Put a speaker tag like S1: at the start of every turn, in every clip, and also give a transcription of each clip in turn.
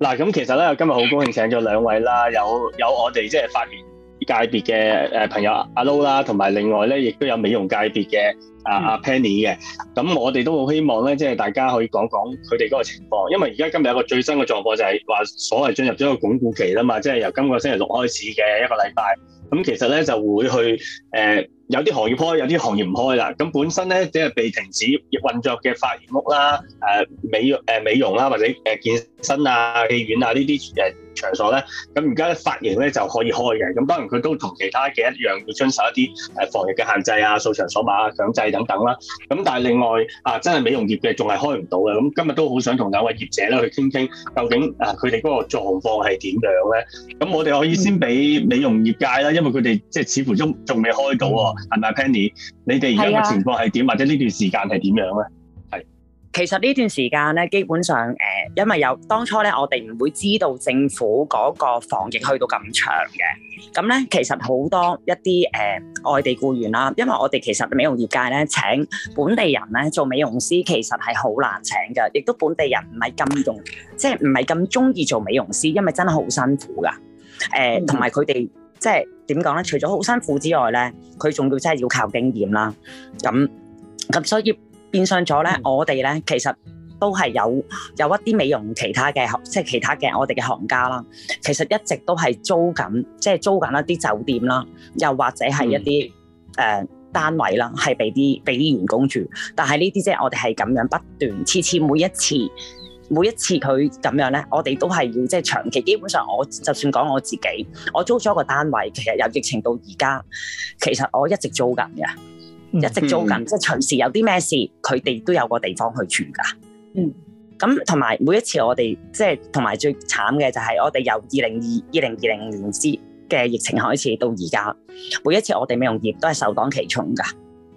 S1: 嗱，咁其實咧，今日好高興請咗兩位啦，有有我哋即係髮型界別嘅誒朋友阿 Lo 啦，同埋另外咧亦都有美容界別嘅啊阿 Penny 嘅，咁、嗯、我哋都好希望咧，即係大家可以講講佢哋嗰個情況，因為而家今日有個最新嘅狀況就係話所謂進入咗個鞏固期啦嘛，即係由今個星期六開始嘅一個禮拜，咁其實咧就會去誒。呃有啲行業開，有啲行業唔開啦。咁本身咧，即係被停止運作嘅髮型屋啦、誒、呃、美容、呃、美容啦，或者誒、呃、健身啊、戲院啊呢啲誒場所咧，咁而家咧髮型咧就可以開嘅。咁當然佢都同其他嘅一樣，要遵守一啲誒防疫嘅限制啊、掃場所碼啊、強制等等啦。咁但係另外啊，真係美容業嘅仲係開唔到嘅。咁今日都好想同兩位業者咧去傾傾，究竟啊佢哋嗰個狀況係點樣咧？咁我哋可以先俾美容業界啦，因為佢哋即係似乎都仲，仲未開到啊。嗯係咪 Penny？你哋而家嘅情況係點？啊、或者呢段時間係點樣咧？係，
S2: 其實呢段時間咧，基本上誒、呃，因為有當初咧，我哋唔會知道政府嗰個防疫去到咁長嘅。咁咧，其實好多一啲誒、呃、外地僱員啦，因為我哋其實美容業界咧請本地人咧做美容師，其實係好難請噶，亦都本地人唔係咁用，即係唔係咁中意做美容師，因為真係好辛苦噶。誒、呃，同埋佢哋。即係點講咧？除咗好辛苦之外咧，佢仲要真係要靠經驗啦。咁咁所以變相咗咧，嗯、我哋咧其實都係有有一啲美容其他嘅即係其他嘅我哋嘅行家啦。其實一直都係租緊，即係租緊一啲酒店啦，又或者係一啲誒、嗯呃、單位啦，係俾啲俾啲員工住。但係呢啲即係我哋係咁樣不斷，次次每一次。每一次佢咁樣咧，我哋都係要即係長期。基本上，我就算講我自己，我租咗一個單位，其實由疫情到而家，其實我一直租緊嘅，mm hmm. 一直租緊。即係隨時有啲咩事，佢哋都有個地方去住噶。嗯、mm，咁同埋每一次我哋即係，同埋最慘嘅就係我哋由二零二二零二零年之嘅疫情開始到而家，每一次我哋美容業都係首當其衝噶，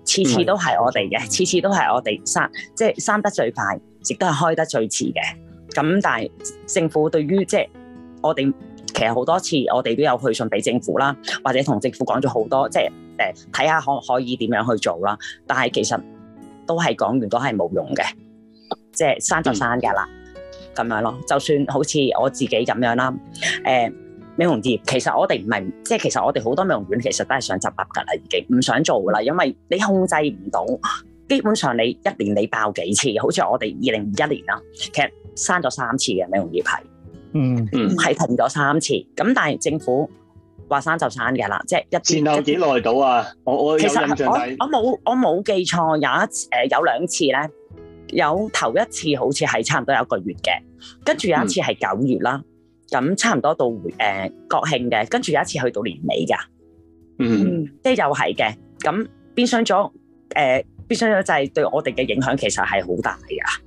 S2: 次次都係我哋嘅，次、mm hmm. 次都係我哋生，即、就、係、是、生得最快。亦都係開得最遲嘅，咁但係政府對於即係、就是、我哋其實好多次我哋都有去信俾政府啦，或者同政府講咗好多，即係誒睇下可可以點樣去做啦。但係其實都係講完都係冇用嘅，即係刪就刪㗎啦，咁、嗯、樣咯。就算好似我自己咁樣啦，誒、呃、美容業其實我哋唔係，即係其實我哋好多美容院其實都係想執笠㗎啦，已經唔想做㗎啦，因為你控制唔到。基本上你一年你爆幾次？好似我哋二零二一年啦，其實生咗三次嘅美容業係、嗯，
S3: 嗯嗯，係停
S2: 咗三次。咁但係政府話生就生嘅啦，即係一前後幾耐到啊？我我有印象，其實我冇我冇記錯，有一次、誒、呃、有兩次咧，有頭一次好似係差唔多一個月嘅，跟住有一次係九月啦，咁、嗯、差唔多到誒國慶嘅，跟住有一次去到年尾㗎，嗯，即係又係嘅，咁、嗯就是、變相咗誒。呃必須就係對我哋嘅影響其實係好大噶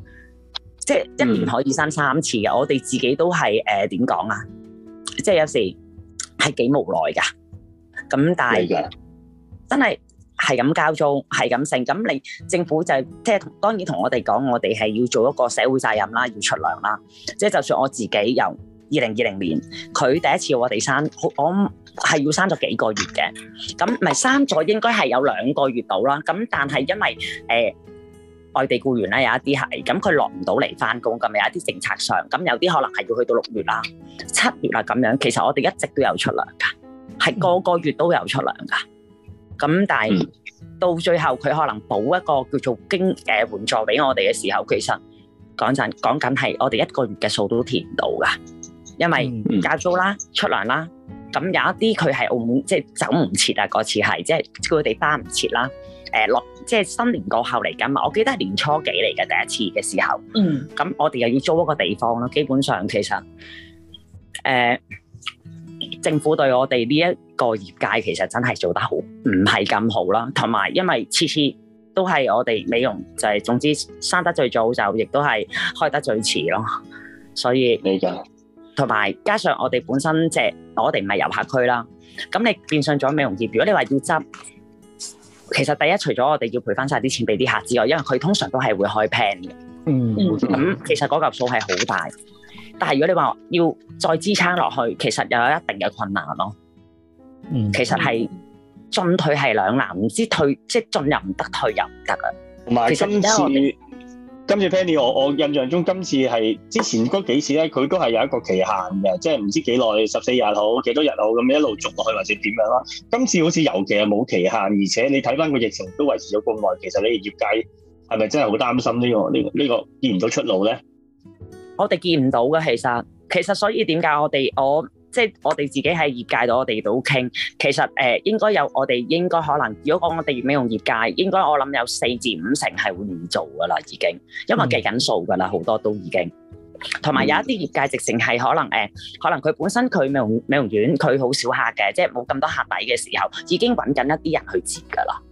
S2: 即係一年可以生三,三次嘅。嗯、我哋自己都係誒點講啊，即係有時係幾無奈噶，咁但係真係係咁交租，係咁性。咁你政府就即係當然同我哋講，我哋係要做一個社會責任啦，要出糧啦，即係就算我自己又。二零二零年，佢第一次我哋生，我係要生咗幾個月嘅，咁咪生咗應該係有兩個月到啦。咁但係因為誒外地僱員咧有一啲係咁佢落唔到嚟翻工，咁咪有一啲政策上咁有啲可能係要去到六月啦，七月啦咁樣。其實我哋一直都有出糧噶係個個月都有出糧噶。咁但係到最後佢可能補一個叫做經誒援助俾我哋嘅時候，其實講真講緊係我哋一個月嘅數都填唔到噶。因為加租啦、出糧啦，咁有一啲佢係澳門，即係走唔切啊。嗰次係即係佢哋翻唔切啦。誒、呃、落即係新年過後嚟噶嘛，我記得係年初幾嚟嘅第一次嘅時候。嗯，咁我哋又要租一個地方咯。基本上其實誒、呃、政府對我哋呢一個業界其實真係做得好，唔係咁好啦。同埋因為次次都係我哋美容就係、是、總之生得最早就亦都係開得最遲咯，所以理同埋加上我哋本身即係我哋唔係遊客區啦，咁你變相咗美容業。如果你話要執，其實第一除咗我哋要賠翻晒啲錢俾啲客之外，因為佢通常都係會開 pen 嘅。嗯，咁、嗯嗯、其實嗰嚿數係好大，但係如果你話要再支撐落去，其實又有一定嘅困難咯。嗯，其實係進退係兩難，唔知退即係進入唔得進又唔得，退又唔得啊。同埋今次。其實今
S1: 次 Penny，我我印象中今次係之前嗰幾次咧，佢都係有一個期限嘅，即係唔知幾耐，十四日好，幾多日好，咁一路續落去或者點樣啦。今次好似尤其係冇期限，而且你睇翻個疫情都維持咗咁耐，其實你哋業界係咪真係好擔心呢個呢個呢個見唔到出路咧？
S2: 我哋見唔到嘅，其實其實所以點解我哋我？即係我哋自己喺業界度，我哋都傾。其實誒、呃，應該有我哋應該可能，如果講我哋美容業界，應該我諗有四至五成係會唔做噶啦，已經，因為計緊數噶啦，好、嗯、多都已經。同埋有一啲業界直情係可能誒、呃，可能佢本身佢美容美容院佢好少客嘅，即係冇咁多客底嘅時候，已經揾緊一啲人去接噶啦。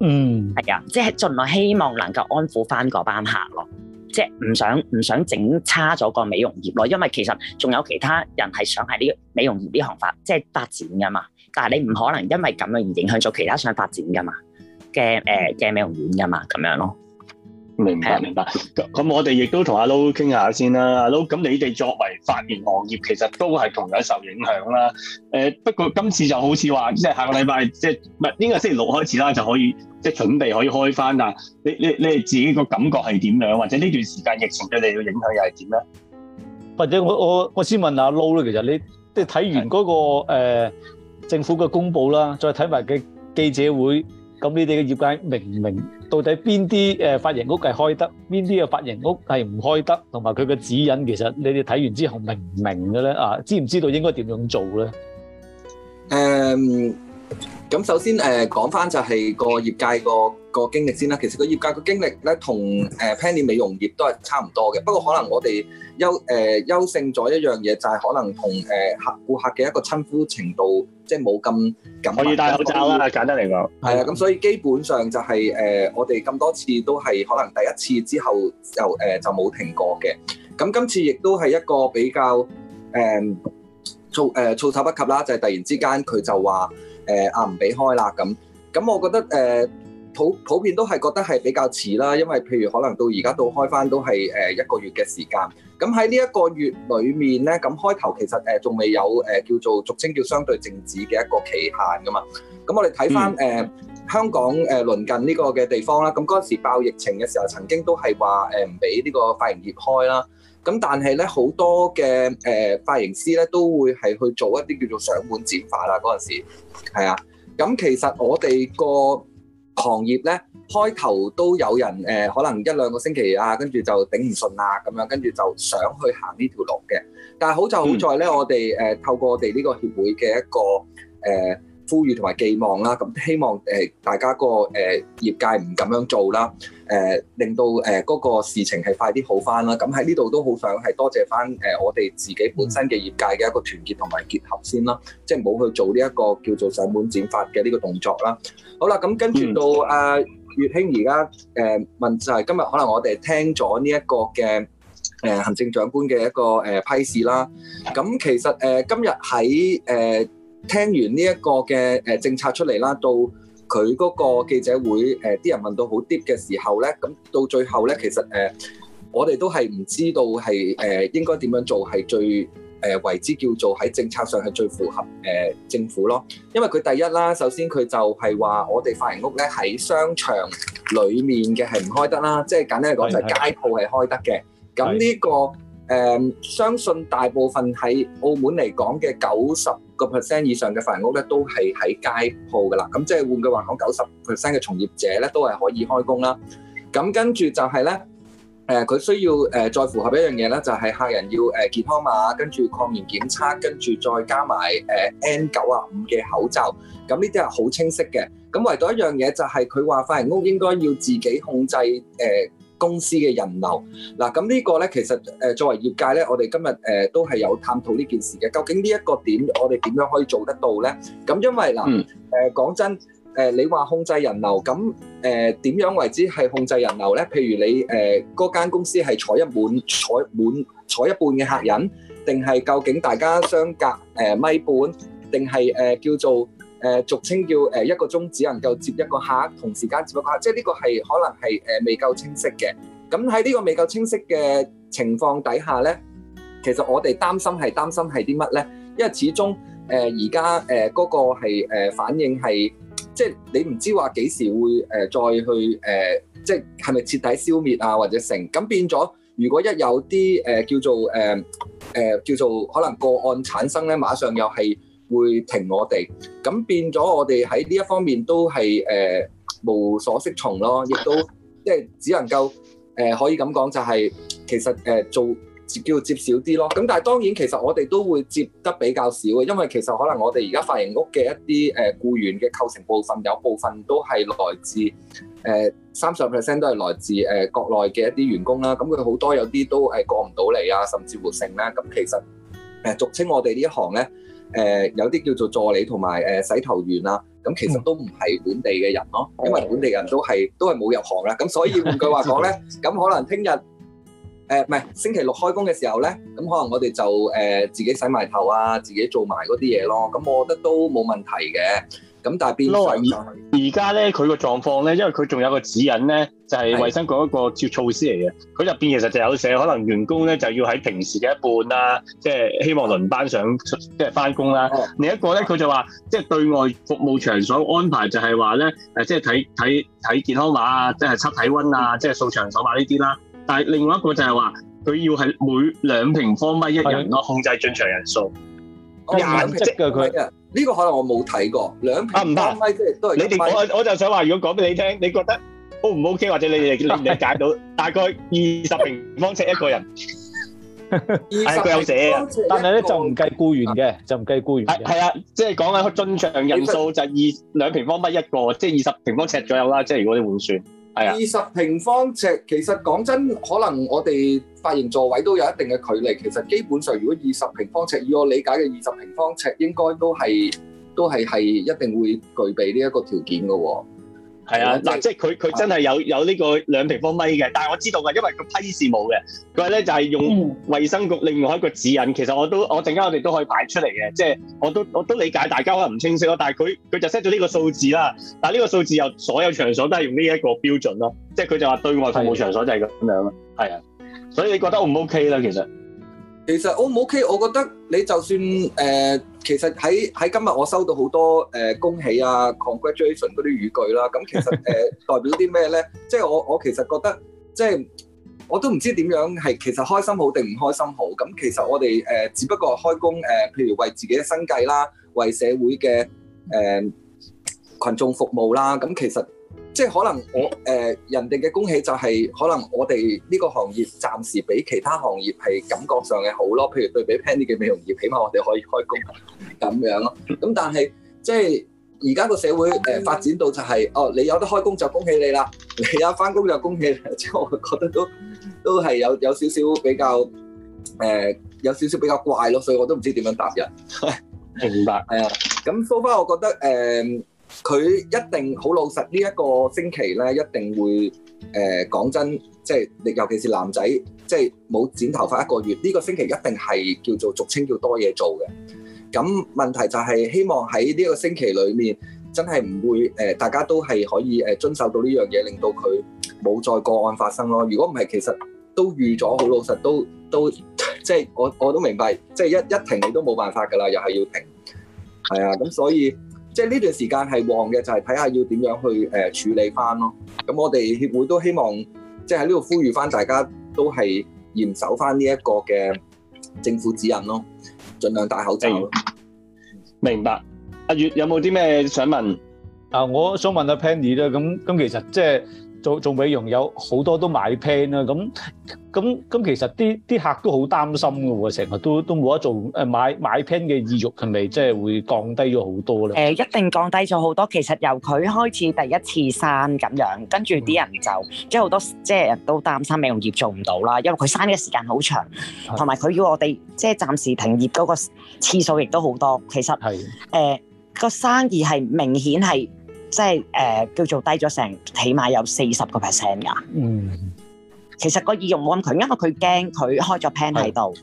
S2: 嗯，係啊，即係盡量希望能夠安撫翻嗰班客咯。即係唔想唔想整差咗個美容業咯，因為其實仲有其他人係想喺呢個美容業呢行發即係發展㗎嘛，但係你唔可能因為咁樣而影響咗其他想發展㗎嘛嘅誒嘅美容院㗎嘛，咁樣咯。明白，
S1: 明白。咁咁，我哋亦都同阿 Lo 傾下先啦。阿 Lo，咁你哋作為髮型行業，其實都係同樣受影響啦。誒，不過今次就好似話，即係下個禮拜，即係唔係呢個星期六開始啦，就可以即係準備可以開翻啦。你你你自己個感覺係點樣，或者呢段時間疫情對你嘅影響又係點咧？
S3: 或者我我我先問阿 Lo 咧，其實你即係睇完嗰、嗰個是的、呃、政府嘅公佈啦，再睇埋嘅記者會。咁你哋嘅業界明唔明？到底邊啲誒髮型屋係開得，邊啲嘅髮型屋係唔開得，同埋佢嘅指引，其實你哋睇完之後明唔明嘅咧？啊，知唔知道應該點樣做咧？
S4: 誒。咁首先誒講翻就係個業界個、個經歷先啦。其實個業界個經歷咧，同誒 Penny 美容業都係差唔多嘅。不過可能我哋優誒、呃、優勝咗一樣嘢，就係可能同誒客顧客嘅一個親疏程度沒麼，即係冇咁緊。我要戴口罩啦，麼簡單嚟講，係啊、呃。咁所以基本上就係、是、誒、呃，我哋咁多次都係可能第一次之後就誒、呃、就冇停過嘅。咁今次亦都係一個比較誒措誒措手不及啦，就係、是、突然之間佢就話。誒啊！唔俾、呃、開啦咁咁，我覺得誒普、呃、普遍都係覺得係比較遲啦，因為譬如可能到而家到開翻都係誒一個月嘅時間。咁喺呢一個月裏面咧，咁開頭其實誒仲未有誒、呃、叫做俗稱叫相對靜止嘅一個期限噶嘛。咁我哋睇翻誒香港誒、呃、鄰近呢個嘅地方啦，咁嗰時爆疫情嘅時候，曾經都係話誒唔俾呢個髮型業開啦。咁但係咧，好多嘅誒、呃、髮型師咧都會係去做一啲叫做上門剪髮啦。嗰陣時係啊，咁其實我哋個行業咧開頭都有人誒、呃，可能一兩個星期啊，跟住就頂唔順啊咁樣，跟住就想去行呢條路嘅。但係好就好在咧，嗯、我哋誒、呃、透過我哋呢個協會嘅一個誒。呃呼籲同埋寄望啦，咁希望誒大家個誒業界唔咁樣做啦，誒令到誒嗰個事情係快啲好翻啦。咁喺呢度都好想係多謝翻誒我哋自己本身嘅業界嘅一個團結同埋結合先啦，即係唔好去做呢一個叫做上門剪髮嘅呢個動作啦。好啦，咁跟住到阿月興而家誒問就係今日可能我哋聽咗呢一個嘅誒行政長官嘅一個誒批示啦。咁其實誒今日喺誒。聽完呢一個嘅誒政策出嚟啦，到佢嗰個記者會，誒、呃、啲人問到好 deep 嘅時候咧，咁到最後咧，其實誒、呃、我哋都係唔知道係誒、呃、應該點樣做係最誒、呃、為之叫做喺政策上係最符合誒政府咯，因為佢第一啦，首先佢就係話我哋髮型屋咧喺商場裡面嘅係唔開得啦，即係簡單嚟講對就係街鋪係開得嘅。咁呢對、這個誒、呃、相信大部分喺澳門嚟講嘅九十個 percent 以上嘅髮型屋咧都係喺街鋪噶啦，咁即係換句話講，九十 percent 嘅從業者咧都係可以開工啦。咁跟住就係咧，誒、呃、佢需要誒再符合一樣嘢咧，就係、是、客人要誒健康碼，跟住抗原檢測，跟住再加埋誒、呃、N 九啊五嘅口罩。咁呢啲係好清晰嘅。咁唯獨一樣嘢就係佢話髮型屋應該要自己控制誒，呃公司嘅人流嗱，咁呢個咧其實誒作為業界咧，我哋今日誒都係有探討呢件事嘅。究竟呢一個點，我哋點樣可以做得到咧？咁因為嗱誒講真誒，你話控制人流咁誒點樣為之係控制人流咧？譬如你誒嗰間公司係坐一滿，坐滿坐一半嘅客人，定係究竟大家相隔誒米半，定係誒叫做？誒、呃、俗稱叫誒一個鐘只能夠接一個客，同時間接一個客，即係呢個係可能係誒、呃、未夠清晰嘅。咁喺呢個未夠清晰嘅情況底下咧，其實我哋擔心係擔心係啲乜咧？因為始終誒而家誒嗰個係、呃、反應係，即係你唔知話幾時會誒、呃、再去誒、呃，即係係咪徹底消滅啊或者成？咁變咗，如果一有啲誒、呃、叫做誒誒、呃呃、叫做可能個案產生咧，馬上又係。會停我哋，咁變咗我哋喺呢一方面都係誒、呃、無所適從咯，亦都即係只能夠、呃、可以咁講就係、是、其實誒、呃、做叫接少啲咯。咁但係當然其實我哋都會接得比較少嘅，因為其實可能我哋而家髮型屋嘅一啲誒僱員嘅構成部分有部分都係來自三十 percent 都係來自、呃、國內嘅一啲員工啦。咁佢好多有啲都係過唔到嚟啊，甚至活性啦。咁其實、呃、俗稱我哋呢一行咧。誒、呃、有啲叫做助理同埋誒洗頭員啊，咁其實都唔係本地嘅人咯、啊，因為本地人都係都係冇入行啦，咁所以換句話講咧，咁 可能聽日誒唔係星期六開工嘅時候咧，咁可能我哋就誒、呃、自己洗埋頭啊，自己做埋嗰啲嘢咯，咁我覺得都冇問題嘅。咁但係變相就
S1: 係，而而家咧，佢個狀況咧，因為佢仲有個指引咧，就係衛生局一個措施嚟嘅。佢入邊其實就有寫，可能員工咧就要喺平時嘅一半啦，即係希望輪班上即係翻工啦。係啊，係嘅。另一個咧，佢就話即係對外服務場所安排就係話咧，誒即係睇睇睇健康碼啊，即係測體温啊，即係掃場所碼呢啲啦。但係另外一個就係話，佢要係每兩平方米一人咯，控制進場人數。
S4: 廿隻嘅佢。
S1: 呢
S4: 個可能我冇睇過，兩平方米即係都係。你哋
S1: 我我就想話，如果講俾你聽，你覺得 O 唔 O K，或者你哋理解到大概二
S3: 十平方尺一個人。
S1: 係佢有寫啊，但係咧就唔
S3: 計雇員嘅，就唔計雇員。係係
S1: 啊，即係講緊進場人數就係二兩平方米一個，
S4: 即係二十平方尺左右啦。即係如果你換算。二十平方尺，其實講真，可能我哋髮型座位都有一定嘅距離。其實基本上，如果二十平方尺，以我理解嘅二十平方尺，應該都係都係係一定會具備呢一個條件嘅喎。係啊，嗱是、啊，即係佢佢真係有有呢個兩平方米嘅，但係我知道嘅，因為個
S1: 批示冇嘅，佢咧就係、是、用衞生局另外一個指引，其實我都我陣間我哋都可以擺出嚟嘅，即係我都我都理解大家可能唔清晰咯，但係佢佢就 set 咗呢個數字啦，但係呢個數字又所有場所都係用呢一個標準咯，即係佢就話對外服務場所就係
S4: 咁樣咯，係啊的，所以你覺得 O 唔 OK 咧？其實？其實 O、oh，唔 OK？我覺得你就算誒、呃，其實喺喺今日我收到好多誒、呃、恭喜啊、congratulation 嗰啲語句啦。咁其實誒、呃、代表啲咩咧？即係 我我其實覺得，即、就、係、是、我都唔知點樣係其實開心好定唔開心好。咁其實我哋誒、呃、只不過開工誒、呃，譬如為自己嘅生計啦，為社會嘅誒群眾服務啦。咁其實。即係可能我誒、呃、人哋嘅恭喜就係可能我哋呢個行業暫時比其他行業係感覺上嘅好咯，譬如對比 Penny 嘅美容業，起碼我哋可以開工咁樣咯。咁但係即係而家個社會誒、呃、發展到就係、是、哦，你有得開工就恭喜你啦，你有翻工就恭喜你。你之後我覺得都都係有有少少比較誒、呃、有少少比較怪咯，所以我都唔知點樣答人。
S3: 明白。係啊 、
S4: 嗯，咁收翻，我覺得誒。呃佢一定好老實，呢一個星期咧一定會誒講真，即係尤其是男仔，即係冇剪頭髮一個月，呢個星期一定係叫做俗稱叫多嘢做嘅。咁問題就係希望喺呢個星期裏面，真係唔會誒，大家都係可以誒遵守到呢樣嘢，令到佢冇再個案發生咯。如果唔係，其實都預咗好老實，都都即係我我都明白，即係一一停你都冇辦法㗎啦，又係要停。係啊，咁所以。即係呢段時間係旺嘅，就係睇下要點樣去誒處理翻咯。咁我哋協會都希望，即係喺呢度呼籲翻大家，都係嚴守翻呢一個嘅政府指引咯，儘量戴口罩咯。明白。阿月有冇啲咩想問？啊，我想
S3: 問阿 Penny 啦。咁咁其實即係。做做美容有好多都買 plan 啦，咁咁咁其實啲啲客都好擔心嘅喎，成日都都冇得做誒買買 plan 嘅意欲係咪即係會降低咗好多咧？誒一
S2: 定降低咗好多。其實由佢開始第一次閂咁樣，跟住啲人就即係好多即係都擔心美容業做唔到啦，因為佢閂嘅時間好長，同埋佢要我哋即係暫時停業嗰個次數亦都好多。其實誒個生意係明顯係。即係誒叫做低咗成起碼有四十個 percent 㗎。嗯，其實個意欲冇咁強，因為佢驚佢開咗 plan 喺度，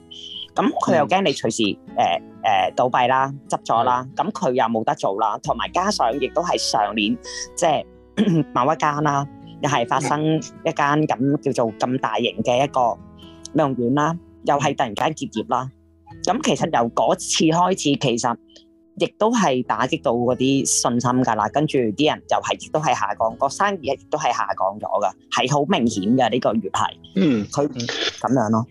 S2: 咁佢又驚你隨時誒誒倒閉啦，執咗啦，咁佢又冇得做啦。同埋加上亦都係上年即係某一間啦，又係發生一間咁叫做咁大型嘅一個美容院啦，又係突然間結業啦。咁其實由嗰次開始，其實...亦都係打擊到嗰啲信心㗎啦，跟住啲人就係、是、亦都係下降，個生意亦都係下降咗㗎，係好明顯嘅呢、呢個月係、嗯。
S5: 嗯，
S2: 佢唔咁樣咯，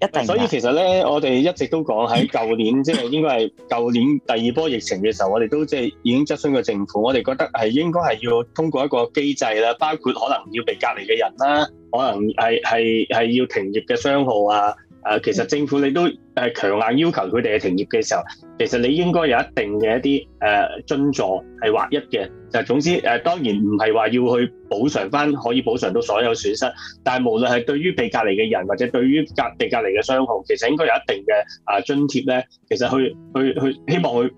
S2: 一定。所以
S1: 其實咧，我哋一直都講喺舊年，即係 應該係舊年第二波疫情嘅時候，我哋都即係已經質詢過政府，我哋覺得係應該係要通過一個機制啦，包括可能要被隔離嘅人啦，可能係係係要停業嘅商號啊。誒，其實政府你都係強硬要求佢哋係停業嘅時候，其實你應該有一定嘅一啲誒津助係劃一嘅。就總之誒、啊，當然唔係話要去補償返，可以補償到所有損失。但係無論係對於被隔離嘅人，或者對於隔被隔離嘅商號，其實應該有一定嘅啊津貼咧。其實去去去，希望去。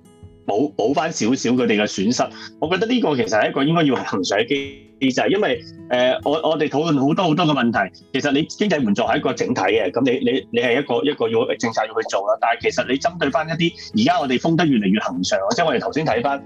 S1: 補返翻少少佢哋嘅損失，我覺得呢個其實係一個應該要恆常嘅機機制。因為誒、呃，我我哋討論好多好多嘅問題，其實你經濟援助係一個整體嘅，咁你你你係一個一個要政策要去做啦，但係其實你針對翻一啲而家我哋封得越嚟越恆常，即係我哋頭先睇翻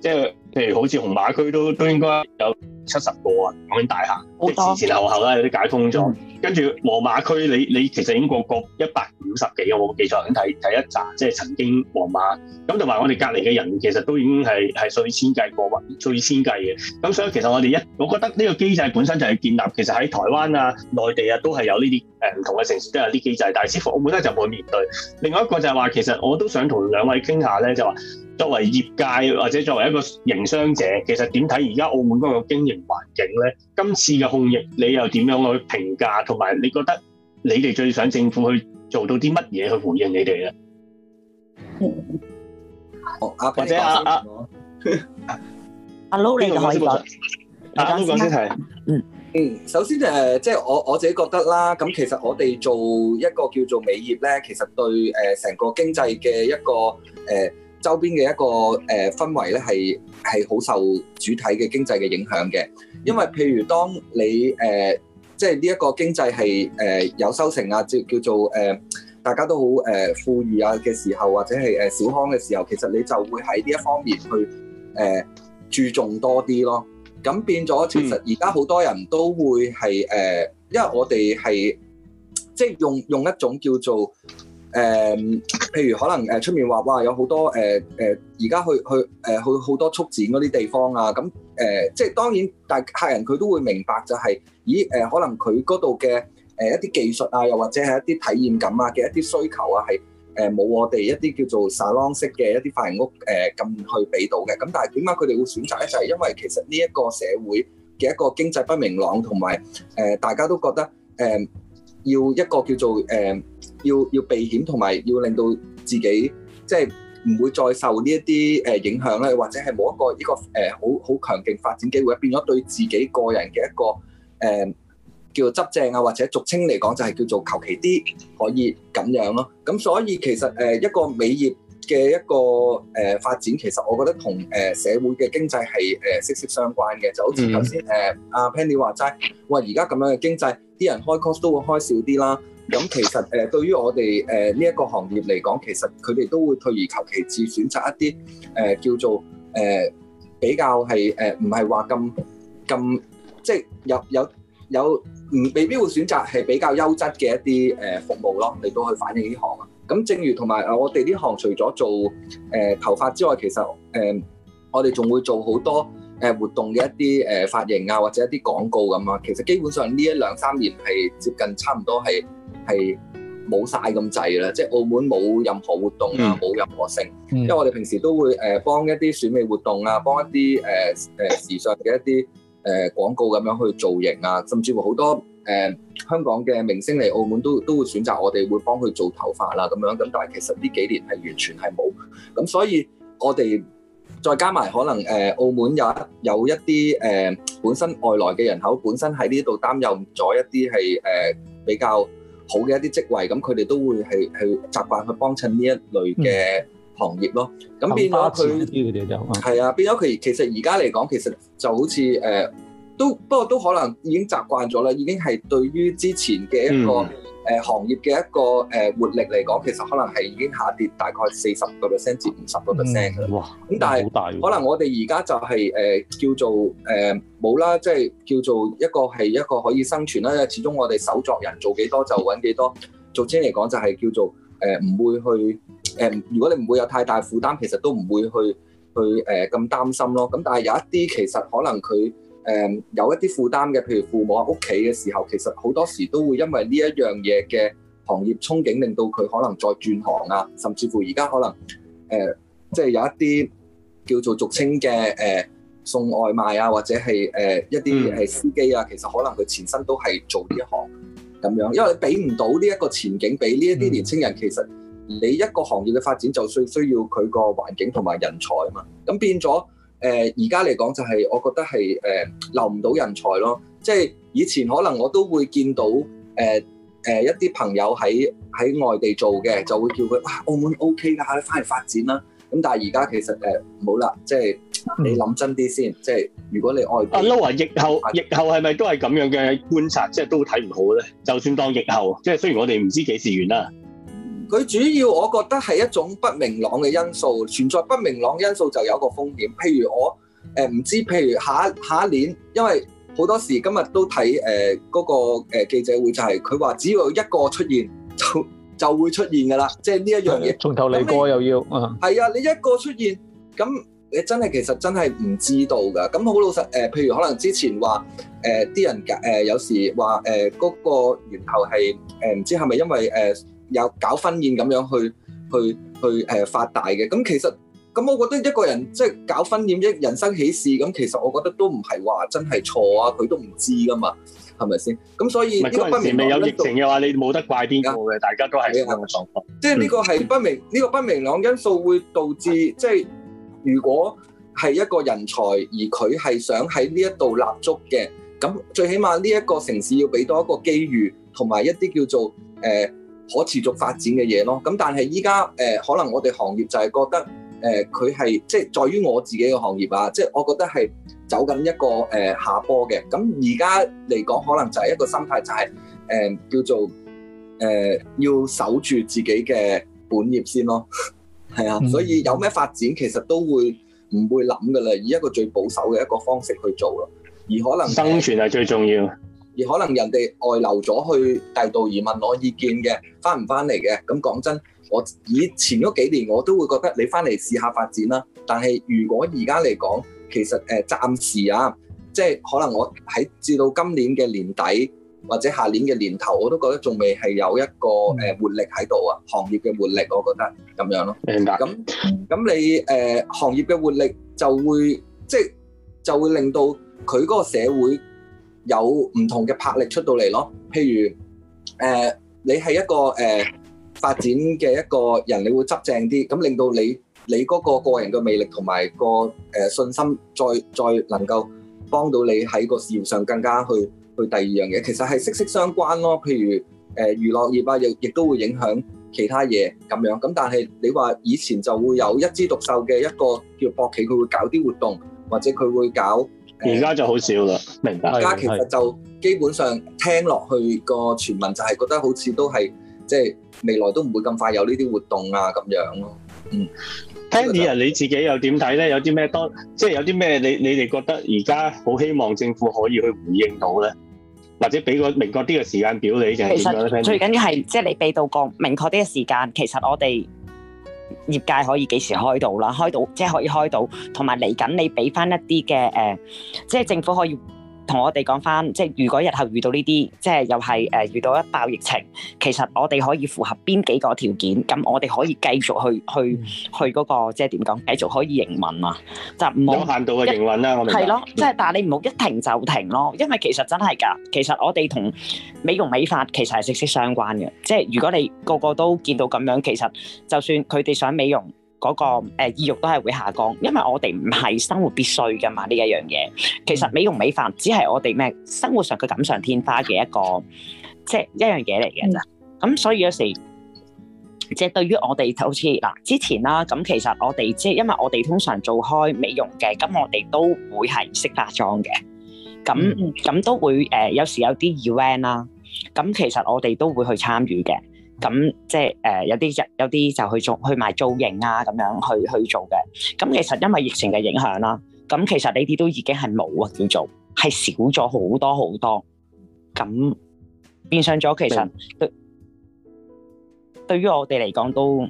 S1: 即譬如好似紅馬區都都應該有七十個啊，講緊大廈，前前後後啦，有啲解封咗。跟住皇馬區你，你你其實已經過過一百五十幾個，我記錯緊睇睇一扎，即係曾經皇馬。咁同埋我哋隔離嘅人，其實都已經係係數千計過或數千計嘅。咁所以其實我哋一，我覺得呢個機制本身就係建立，其實喺台灣啊、內地啊都係有呢啲誒唔同嘅城市都有啲機制，但係似乎我覺得就冇去面對。另外一個就係話，其實我都想同兩位傾下咧，就話。作為業界或者作為一個營商者，其實點睇而家澳門嗰個經營環境咧？今次嘅控疫，你又點樣去評價？同埋你覺得你哋最想政府去做到啲乜嘢去回應你哋
S4: 咧？或者阿阿阿，阿 Lo 你就可以講，阿 Lo 講先提。嗯嗯，首先誒，即係我我自己覺得啦。咁其實我哋做一個叫做美業咧，其實對誒成個經濟嘅一個誒。周邊嘅一個誒、呃、氛圍咧，係係好受主體嘅經濟嘅影響嘅，因為譬如當你誒即係呢一個經濟係誒、呃、有收成啊，即叫做誒、呃、大家都好誒、呃、富裕啊嘅時候，或者係誒小康嘅時候，其實你就會喺呢一方面去誒、呃、注重多啲咯。咁變咗，其實而家好多人都會係誒，嗯、因為我哋係即係用用一種叫做。誒、嗯，譬如可能出、呃、面話，哇，有好多誒誒，而、呃、家、呃、去去誒去好多促展嗰啲地方啊，咁、嗯、誒、呃，即當然，但客人佢都會明白就係、是，咦、呃、可能佢嗰度嘅一啲技術啊，又或者係一啲體驗感啊嘅一啲需求啊，係冇、呃、我哋一啲叫做 salon 式嘅一啲髮型屋咁、呃、去俾到嘅。咁但係點解佢哋會選擇一就係、因為其實呢一個社會嘅一個經濟不明朗，同埋誒大家都覺得誒。呃要一個叫做誒，要要避險同埋要令到自己即係唔會再受呢一啲誒影響咧，或者係冇一個呢個誒好好強勁發展機會，變咗對自己個人嘅一個誒叫做執正啊，或者俗稱嚟講就係叫做求其啲可以咁樣咯。咁所以其實誒一個美業嘅一個誒發展，其實我覺得同誒社會嘅經濟係誒息息相關嘅，就好似頭先誒阿 Penny 話齋，哇而家咁樣嘅經濟。啲人開 course 都會開少啲啦，咁其實誒對於我哋誒呢一個行業嚟講，其實佢哋都會退而求其次，選擇一啲誒、呃、叫做誒、呃、比較係誒唔係話咁咁即係有有有唔未必會選擇係比較優質嘅一啲誒、呃、服務咯，嚟到去反映呢行啊。咁正如同埋我哋呢行除咗做誒、呃、頭髮之外，其實誒、呃、我哋仲會做好多。誒活動嘅一啲誒髮型啊，或者一啲廣告咁啊，其實基本上呢一兩三年係接近差唔多係係冇晒咁滯啦，即係澳門冇任何活動啊，冇、mm hmm. 任何性，因為我哋平時都會誒、呃、幫一啲選美活動啊，幫一啲誒誒時尚嘅一啲誒、呃、廣告咁樣去造型啊，甚至乎好多誒、呃、香港嘅明星嚟澳門都都會選擇我哋會幫佢做頭髮啦咁樣，咁但係其實呢幾年係完全係冇，咁所以我哋。再加埋可能誒、呃，澳門有一有一啲誒，本身外來嘅人口，本身喺呢度擔任咗一啲係誒比較好嘅一啲職位，咁佢哋都會係去，去習慣去幫襯呢一類嘅行業咯。咁變咗佢，係、嗯、啊，變咗佢其實而家嚟講，其實就好似誒、呃，都不過都可能已經習慣咗啦，已經係對於之前嘅一個。嗯誒、呃、行業嘅一個誒、呃、活力嚟講，其實可能係已經下跌大概四十個 percent 至五十個 percent 啦。哇！咁但係是好大可能我哋而家就係、是、誒、呃、叫做誒冇啦，即、呃、係、就是、叫做一個係一個可以生存啦。因為始終我哋手作人做幾多少就揾幾多少，做嘢嚟講就係叫做誒唔、呃、會去誒、呃，如果你唔會有太大負擔，其實都唔會去去誒咁擔心咯。咁但係有一啲其實可能佢。誒、嗯、有一啲負擔嘅，譬如父母屋企嘅時候，其實好多時都會因為呢一樣嘢嘅行業憧憬，令到佢可能再轉行啊，甚至乎而家可能誒，即、呃、係、就是、有一啲叫做俗稱嘅誒送外賣啊，或者係誒、呃、一啲係司機啊，嗯、其實可能佢前身都係做呢一行咁樣，因為你俾唔到呢一個前景俾呢一啲年青人，嗯、其實你一個行業嘅發展就最需要佢個環境同埋人才啊嘛，咁變咗。誒而家嚟講就係我覺得係誒、呃、留唔到人才咯，即係以前可能我都會見到誒誒、呃呃、一啲朋友喺喺外地做嘅，就會叫佢哇澳門 OK 㗎，你翻嚟發展啦。咁但係而家其實唔好啦，即係你諗真啲先，嗯、即係如果你外阿 Lo 啊，疫後疫後係咪都係咁樣嘅觀察，即係都睇唔好咧？就算當疫後，即係雖然我哋唔知幾時完啦。佢主要我覺得係一種不明朗嘅因素，存在不明朗嘅因素就有一個風險。譬如我誒唔、呃、知，譬如下下一年，因為好多時候今日都睇誒嗰個誒記者會，就係，就係佢話只要一個出現就就會出現㗎啦。即係呢一樣嘢從頭嚟過你又要啊，係啊，你一個出現咁你真係其實真係唔知道㗎。咁好老實誒、呃，譬如可能之前話誒啲人誒、呃、有時話誒嗰個源頭係誒唔知係咪因為誒。呃有搞婚宴咁樣去去去誒、呃、發大嘅咁，其實咁我覺得一個人即係、就是、搞婚宴，一人生喜事咁，其實我覺得都唔係話真係錯啊，佢都唔知噶嘛，係咪先？咁所以嗰陣時未有，有疫情嘅話，你冇得怪邊個嘅，係嘅，大家都係呢個狀況。即係呢個係不明呢、嗯、個不明朗因素會導致，即、就、係、是、如果係一個人才而佢係想喺呢一度立足嘅，咁最起碼呢一個城市要俾多一個機遇，同埋一啲叫做誒。呃可持續發展嘅嘢咯，咁但係依家誒可能我哋行業就係覺得誒佢係即係在於我自己嘅行業啊，即係我覺得係走緊一個誒、呃、下坡嘅，咁而家嚟講可能就係一個心態就係、是、誒、呃、叫做誒、呃、要守住自己嘅本業先咯，係啊，嗯、所以有咩發展其實都會唔會諗㗎喇，以一個最保守嘅一個方式去做咯，而可能生存係最重要。而可能人哋外流咗去第度，而問我意見嘅，翻唔翻嚟嘅？咁講真，我以前嗰幾年我都會覺得你翻嚟試下發展啦。但係如果而家嚟講，其實誒呃、暫時啊，即係可能我喺至到今年嘅年底或者下年嘅年頭，我都覺得仲未係有一個誒、嗯、活力喺度啊。行業嘅活力，我覺得咁樣咯。明白。咁咁你誒、呃、行業嘅活力就會，即、就、係、是、就會令到佢嗰個社會。有唔同嘅魄力出到嚟咯，譬如誒你係一個誒發展嘅一個人，你會執正啲，咁令到你你嗰個個人嘅魅力同埋個誒信心，再再能夠幫到你喺個事業上更加去去第二樣嘢，其實係息息相關咯。譬如誒娛樂業啊，亦亦都會影響其他嘢咁樣。咁但係你話以前就會有一枝獨秀嘅一個叫博企，佢會搞啲活動，或者佢會搞。而家就好少啦，明白。而家其實就基本上聽落去個傳聞，就係覺得好似都係即係未來都唔會咁快有呢啲活動啊，咁樣
S1: 咯。嗯，Penny 啊，你自己又點睇咧？有啲咩當即係有啲咩？你你哋覺得而家好希望政府可以去回應到咧，或者俾個明確啲嘅時間表你，就點樣咧？
S2: 最緊要係即係你俾到個明確啲嘅時間，其實我哋。業界可以幾時開到啦？開到即係可以開到，同埋嚟緊你俾翻一啲嘅，誒，即係政府可以。同我哋講翻，即係如果日後遇到呢啲，即係又係、呃、遇到一爆疫情，其實我哋可以符合邊幾個條件，咁我哋可以繼續去去去嗰個，即係點講，繼續可以營運啊？就唔好限度嘅營運啦，啊，我明，我哋係咯，即係但係你唔好一停就停咯，因為其實真係㗎，其實我哋同美容美髮其實係息息相關嘅，即係如果你個個都見到咁樣，其實就算佢哋想美容。嗰、那個、呃、意欲都係會下降，因為我哋唔係生活必需噶嘛呢一樣嘢。其實美容美髮只係我哋咩生活上嘅錦上添花嘅一個即係、就是、一樣嘢嚟嘅。咁所以有時即係、就是、對於我哋好似嗱之前啦，咁其實我哋即係因為我哋通常做開美容嘅，咁我哋都會係識化妝嘅，咁咁、嗯、都會、呃、有時有啲 event 啦，咁其實我哋都會去參與嘅。咁即係、呃、有啲有啲就去做去賣造型啊，咁樣去去做嘅。咁其實因為疫情嘅影響啦，咁其實呢啲都已經係冇啊，叫做係少咗好多好多。咁變相咗，其實對對，對於我哋嚟講都。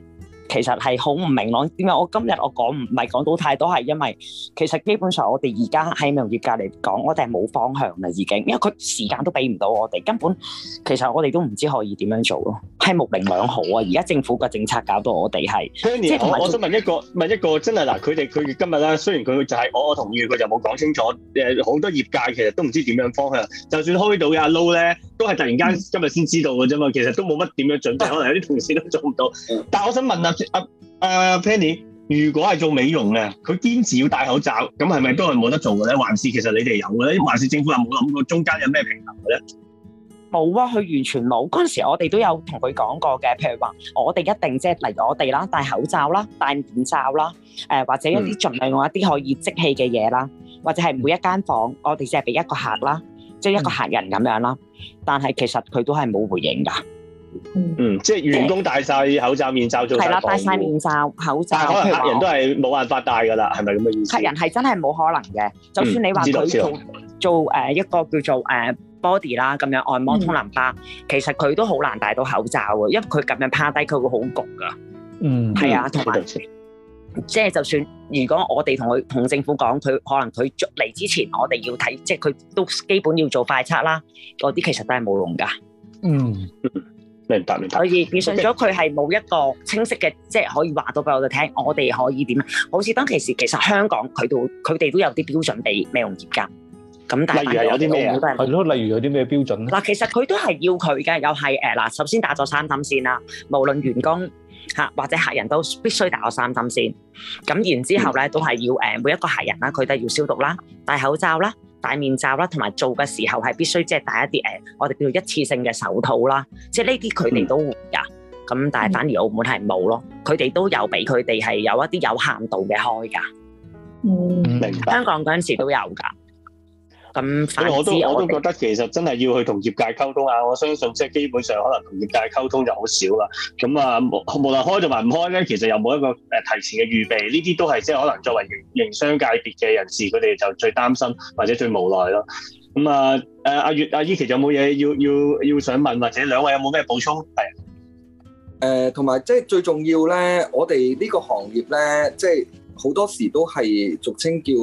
S2: 其實係好唔明朗，點解我今日我講唔係講到太多，係因為其實基本上我哋而家喺美業界嚟講，我哋係冇方向啦已經，因為佢時間都俾唔到我哋，根本其實我哋都唔知可以點樣做咯。係目明朗好啊，而家政府嘅政策搞到我哋係，你即係我，我想
S1: 問一個問一個真係嗱，佢哋佢今日咧，雖然佢就係、是、我我同意佢就冇講清楚，誒好多業界其實都唔知點樣方向，就算開到阿 Lo 咧。都係突然間今日先知道嘅啫嘛，其實都冇乜點樣準備，可能有啲同事都做唔到。但係我想問啊啊啊 Penny，如果係做美容嘅，佢堅持要戴口罩，咁係咪都係冇得做嘅咧？還是其實你哋有嘅咧？還是政府又冇諗過中間有咩平衡
S2: 嘅咧？冇啊，佢完全冇。嗰陣時我哋都有同佢講過嘅，譬如話我哋一定即係嚟我哋啦，戴口罩啦，戴面罩啦，誒或者一啲儘量一啲可以即棄嘅嘢啦，或者係每一間房我哋只係俾一個客啦。即係一個客人咁樣啦，但係其實佢都係冇回應噶。嗯，
S1: 即係員工戴晒口罩、面罩做。係啦，戴晒面
S2: 罩、口罩。但係客人都係冇辦法戴噶啦，係咪咁嘅意思？客人係真係冇可能嘅，就算你話佢做做誒一個叫做誒 body 啦，咁樣按摩、通淋巴，其實佢都好難戴到口罩㗎，因為佢咁樣趴低，佢會好焗㗎。嗯，
S3: 係啊，同
S2: 埋。即係就算如果我哋同佢同政府講，佢可能佢嚟之前，我哋要睇，即係佢都基本要做快測啦。嗰啲其實都係冇用㗎。嗯，明白，明白。明白，所以變相咗佢係冇一個清晰嘅，即係可以話到俾我哋聽，我哋可以點？好似當其時其實香港佢都佢哋都有啲標準俾美容業㗎。咁但係例如有啲咩啊？係咯，例如有啲咩標準？嗱，其實佢都係要佢嘅，又係誒嗱，首先打咗三針先啦，無論員工。嚇或者客人都必須打咗三針先，咁然之後咧都係要誒每一個客人啦，佢都要消毒啦，戴口罩啦，戴面罩啦，同埋做嘅時候係必須即係戴一啲誒，我哋叫做一次性嘅手套啦，即係呢啲佢哋都會㗎，咁但係反而澳門係冇咯。佢哋都有俾佢哋係有一啲有限度嘅開㗎，嗯，明白，香港嗰陣時都有㗎。咁，我，我都我都覺
S1: 得其實真係要去同業界溝通啊！我相信即係基本上可能同業界溝通就好少啦。咁啊，無論開就還唔開咧，其實又冇一個誒提前嘅預備，呢啲都係即係可能作為營營商界別嘅人士，佢哋就最擔心或者最無奈咯。咁啊誒，阿月阿依琪，其、啊、實有冇嘢要要要想問，或者兩位有
S4: 冇咩補充？係誒、呃，同埋即係最重要咧，我哋呢個行業咧，即係好多時都係俗稱叫。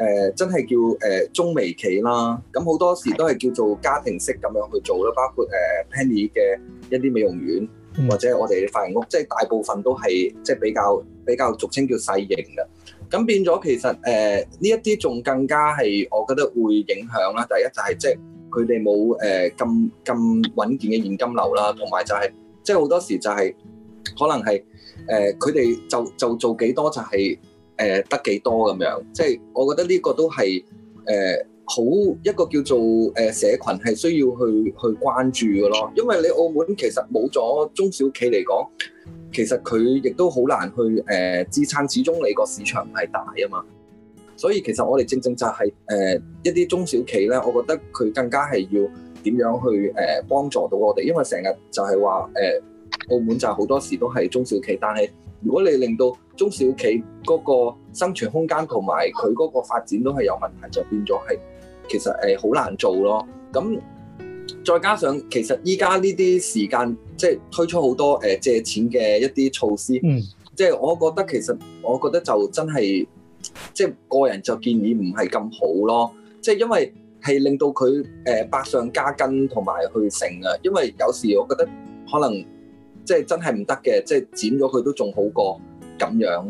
S4: 誒真係叫誒中微企啦，咁好多時都係叫做家庭式咁樣去做啦，包括誒 Penny 嘅一啲美容院，嗯、或者我哋嘅髮型屋，即係大部分都係即係比較比較俗稱叫細型嘅。咁變咗其實誒呢一啲仲更加係我覺得會影響啦。第一就係即係佢哋冇誒咁咁穩健嘅現金流啦，同埋就係即係好多時就係可能係誒佢哋就就做幾多就係。誒得幾多咁樣？即係我覺得呢個都係誒、呃、好一個叫做誒社群係需要去去關注嘅咯。因為你澳門其實冇咗中小企嚟講，其實佢亦都好難去誒、呃、支撐。始終你個市場唔係大啊嘛，所以其實我哋正正就係、是、誒、呃、一啲中小企咧，我覺得佢更加係要點樣去誒、呃、幫助到我哋，因為成日就係話誒。呃澳門就好多時都係中小企，但係如果你令到中小企嗰個生存空間同埋佢嗰個發展都係有問題，就變咗係其實誒好難做咯。咁再加上其實依家呢啲時間即係推出好多誒、呃、借錢嘅一啲措施，嗯、即係我覺得其實我覺得就真係即係個人就建議唔係咁好咯。即係因為係令到佢誒、呃、百上加斤同埋去成啊，因為有時我覺得可能。即係真係唔得嘅，即係剪咗佢都仲好過咁樣，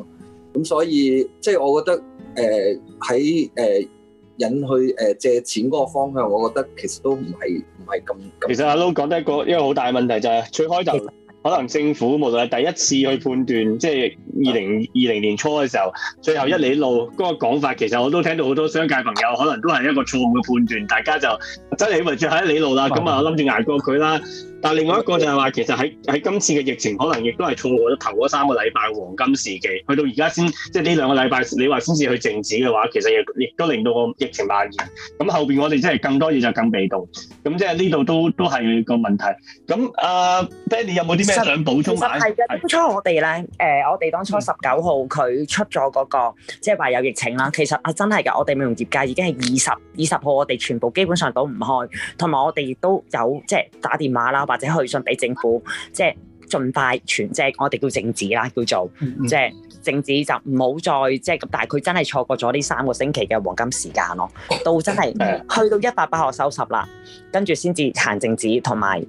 S4: 咁所以即係我覺得誒喺誒引去誒、呃、借錢嗰個方向，我覺得其實都唔係唔係咁。
S1: 咁其實阿 Lo 講得一個一個好大嘅問題就係最開頭就。 可能政府無論係第一次去判斷，即係二零二零年初嘅時候，最後一里路嗰、嗯、個講法，其實我都聽到好多商界朋友可能都係一個錯誤嘅判斷，大家就真係以為最後一里路啦，咁啊諗住挨過佢啦。但係另外一個就係話，其實喺喺今次嘅疫情，可能亦都係錯過咗頭嗰三個禮拜黃金時期，去到而家先即係呢兩個禮拜，你話先至去靜止嘅話，其實亦亦都令到個疫情蔓延。咁後邊我哋真係更多嘢就更被動，咁即係呢度都都係個問題，咁阿 Penny 有冇啲？想
S2: 補充埋。其實係嘅，當初我哋咧，誒的、呃，我哋當初十九號佢出咗嗰、那個，即係話有疫情啦。其實係、啊、真係嘅，我哋美容業界已經係二十二十號，我哋全部基本上都唔開，同埋我哋亦都有即係、就是、打電話啦，或者去信俾政府，即、就、係、是、盡快全即係我哋叫靜止啦，叫做即係靜止就唔好再即係咁。但係佢真係錯過咗呢三個星期嘅黃金時間咯， 到真係的去到一百八號收十啦，跟住先至行靜止，同埋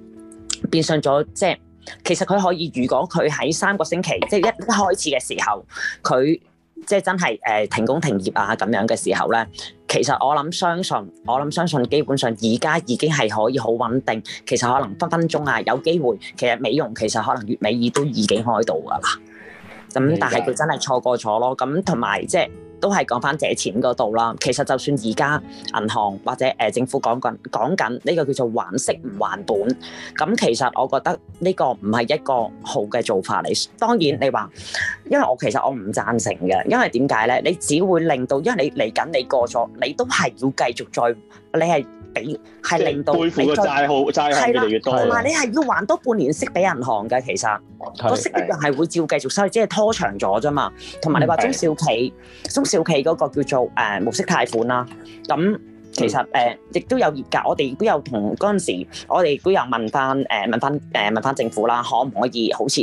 S2: 變相咗即係。就是其實佢可以，如果佢喺三個星期，即係一一開始嘅時候，佢即係真係誒、呃、停工停業啊咁樣嘅時候咧，其實我諗相信，我諗相信基本上而家已經係可以好穩定。其實可能分分鐘啊有機會，其實美容其實可能月尾已都已經開到噶啦。咁但係佢真係錯過咗咯。咁同埋即係。都係講翻借錢嗰度啦，其實就算而家銀行或者誒政府講緊講緊呢個叫做還息唔還本，咁其實我覺得呢個唔係一個好嘅做法嚟。當然你話，因為我其實我唔贊成嘅，因為點解咧？你只會令到，因為你嚟緊你過咗，你都係要繼續再。你係俾係令到你再背負個債號的債係越嚟越多，同埋的你係要還多半年息俾銀行嘅。其實個的息一樣係會照繼續收，即係拖長咗啫嘛。同埋你話中小企的中小企嗰個叫做誒無息貸款啦，咁。嗯、其實誒，亦、呃、都有業界，我哋都有同嗰陣時，我哋都有問翻誒、呃，問翻誒、呃，問翻政府啦，可唔可以好似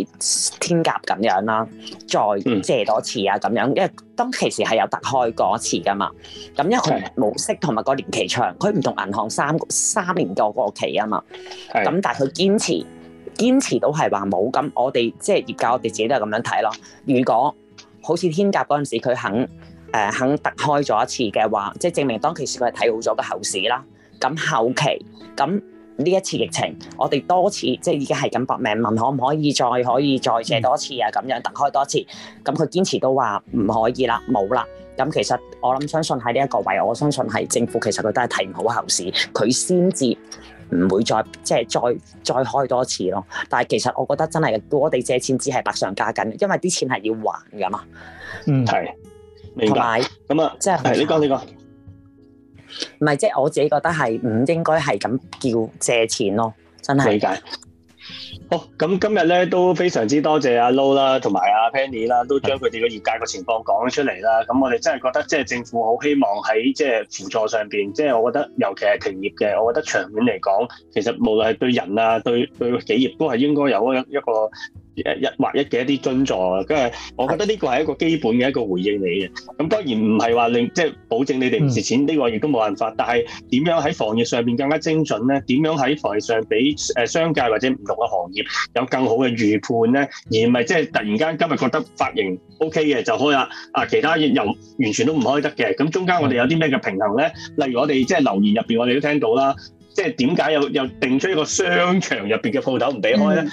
S2: 天鴿咁樣啦，再借多次啊咁樣，因為當其時係有特開過一次噶嘛，咁因為佢模式同埋個年期長，佢唔同銀行三三年過個過期啊嘛，咁是的 但係佢堅持堅持到係話冇，咁我哋即係業界，我哋自己都係咁樣睇咯。如果好似天鴿嗰陣時，佢肯。誒、呃、肯突開咗一次嘅話，即係證明當其時佢係睇好咗個後市啦。咁後期咁呢一次疫情，我哋多次即係已經係咁搏命問可唔可以再可以再借多次啊？咁樣突開多次，咁佢堅持都話唔可以啦，冇啦。咁其實我諗相信喺呢一個位，我相信係政府其實佢都係睇唔好後市，佢先至唔會再即係再再開多次咯。但係其實我覺得真係我哋借錢只係百上加緊，因為啲錢係要還㗎嘛。嗯，係。同埋咁啊，即係你講你講，唔係即係我自己覺得係唔應該係咁叫借錢咯，真係。理解。
S1: 好，咁今日咧都非常之多謝阿 Lo 啦，同埋阿 Penny 啦，都將佢哋嘅業界個情況講咗出嚟啦。咁 我哋真係覺得，即係政府好希望喺即係輔助上面，即係我覺得，尤其係停業嘅，我覺得長遠嚟講，其實無論係對人啊，對，對企業都係應該有一一個一或一嘅一啲捐助，跟啊，我覺得呢個係一個基本嘅一個回應嚟嘅。咁當然唔係話令即係保證你哋唔蝕錢，呢個亦都冇辦法。但係點樣喺防疫上面更加精準咧？點樣喺防疫上比誒商界或者唔同嘅行業有更好嘅預判咧？而唔係即係突然間今日覺得髮型 O K 嘅就開啦，啊其他又完全都唔開得嘅。咁中間我哋有啲咩嘅平衡咧？例如我哋即係留言入邊，我哋都聽到啦。即係點解又又定出一個商場入邊嘅鋪頭唔俾開咧？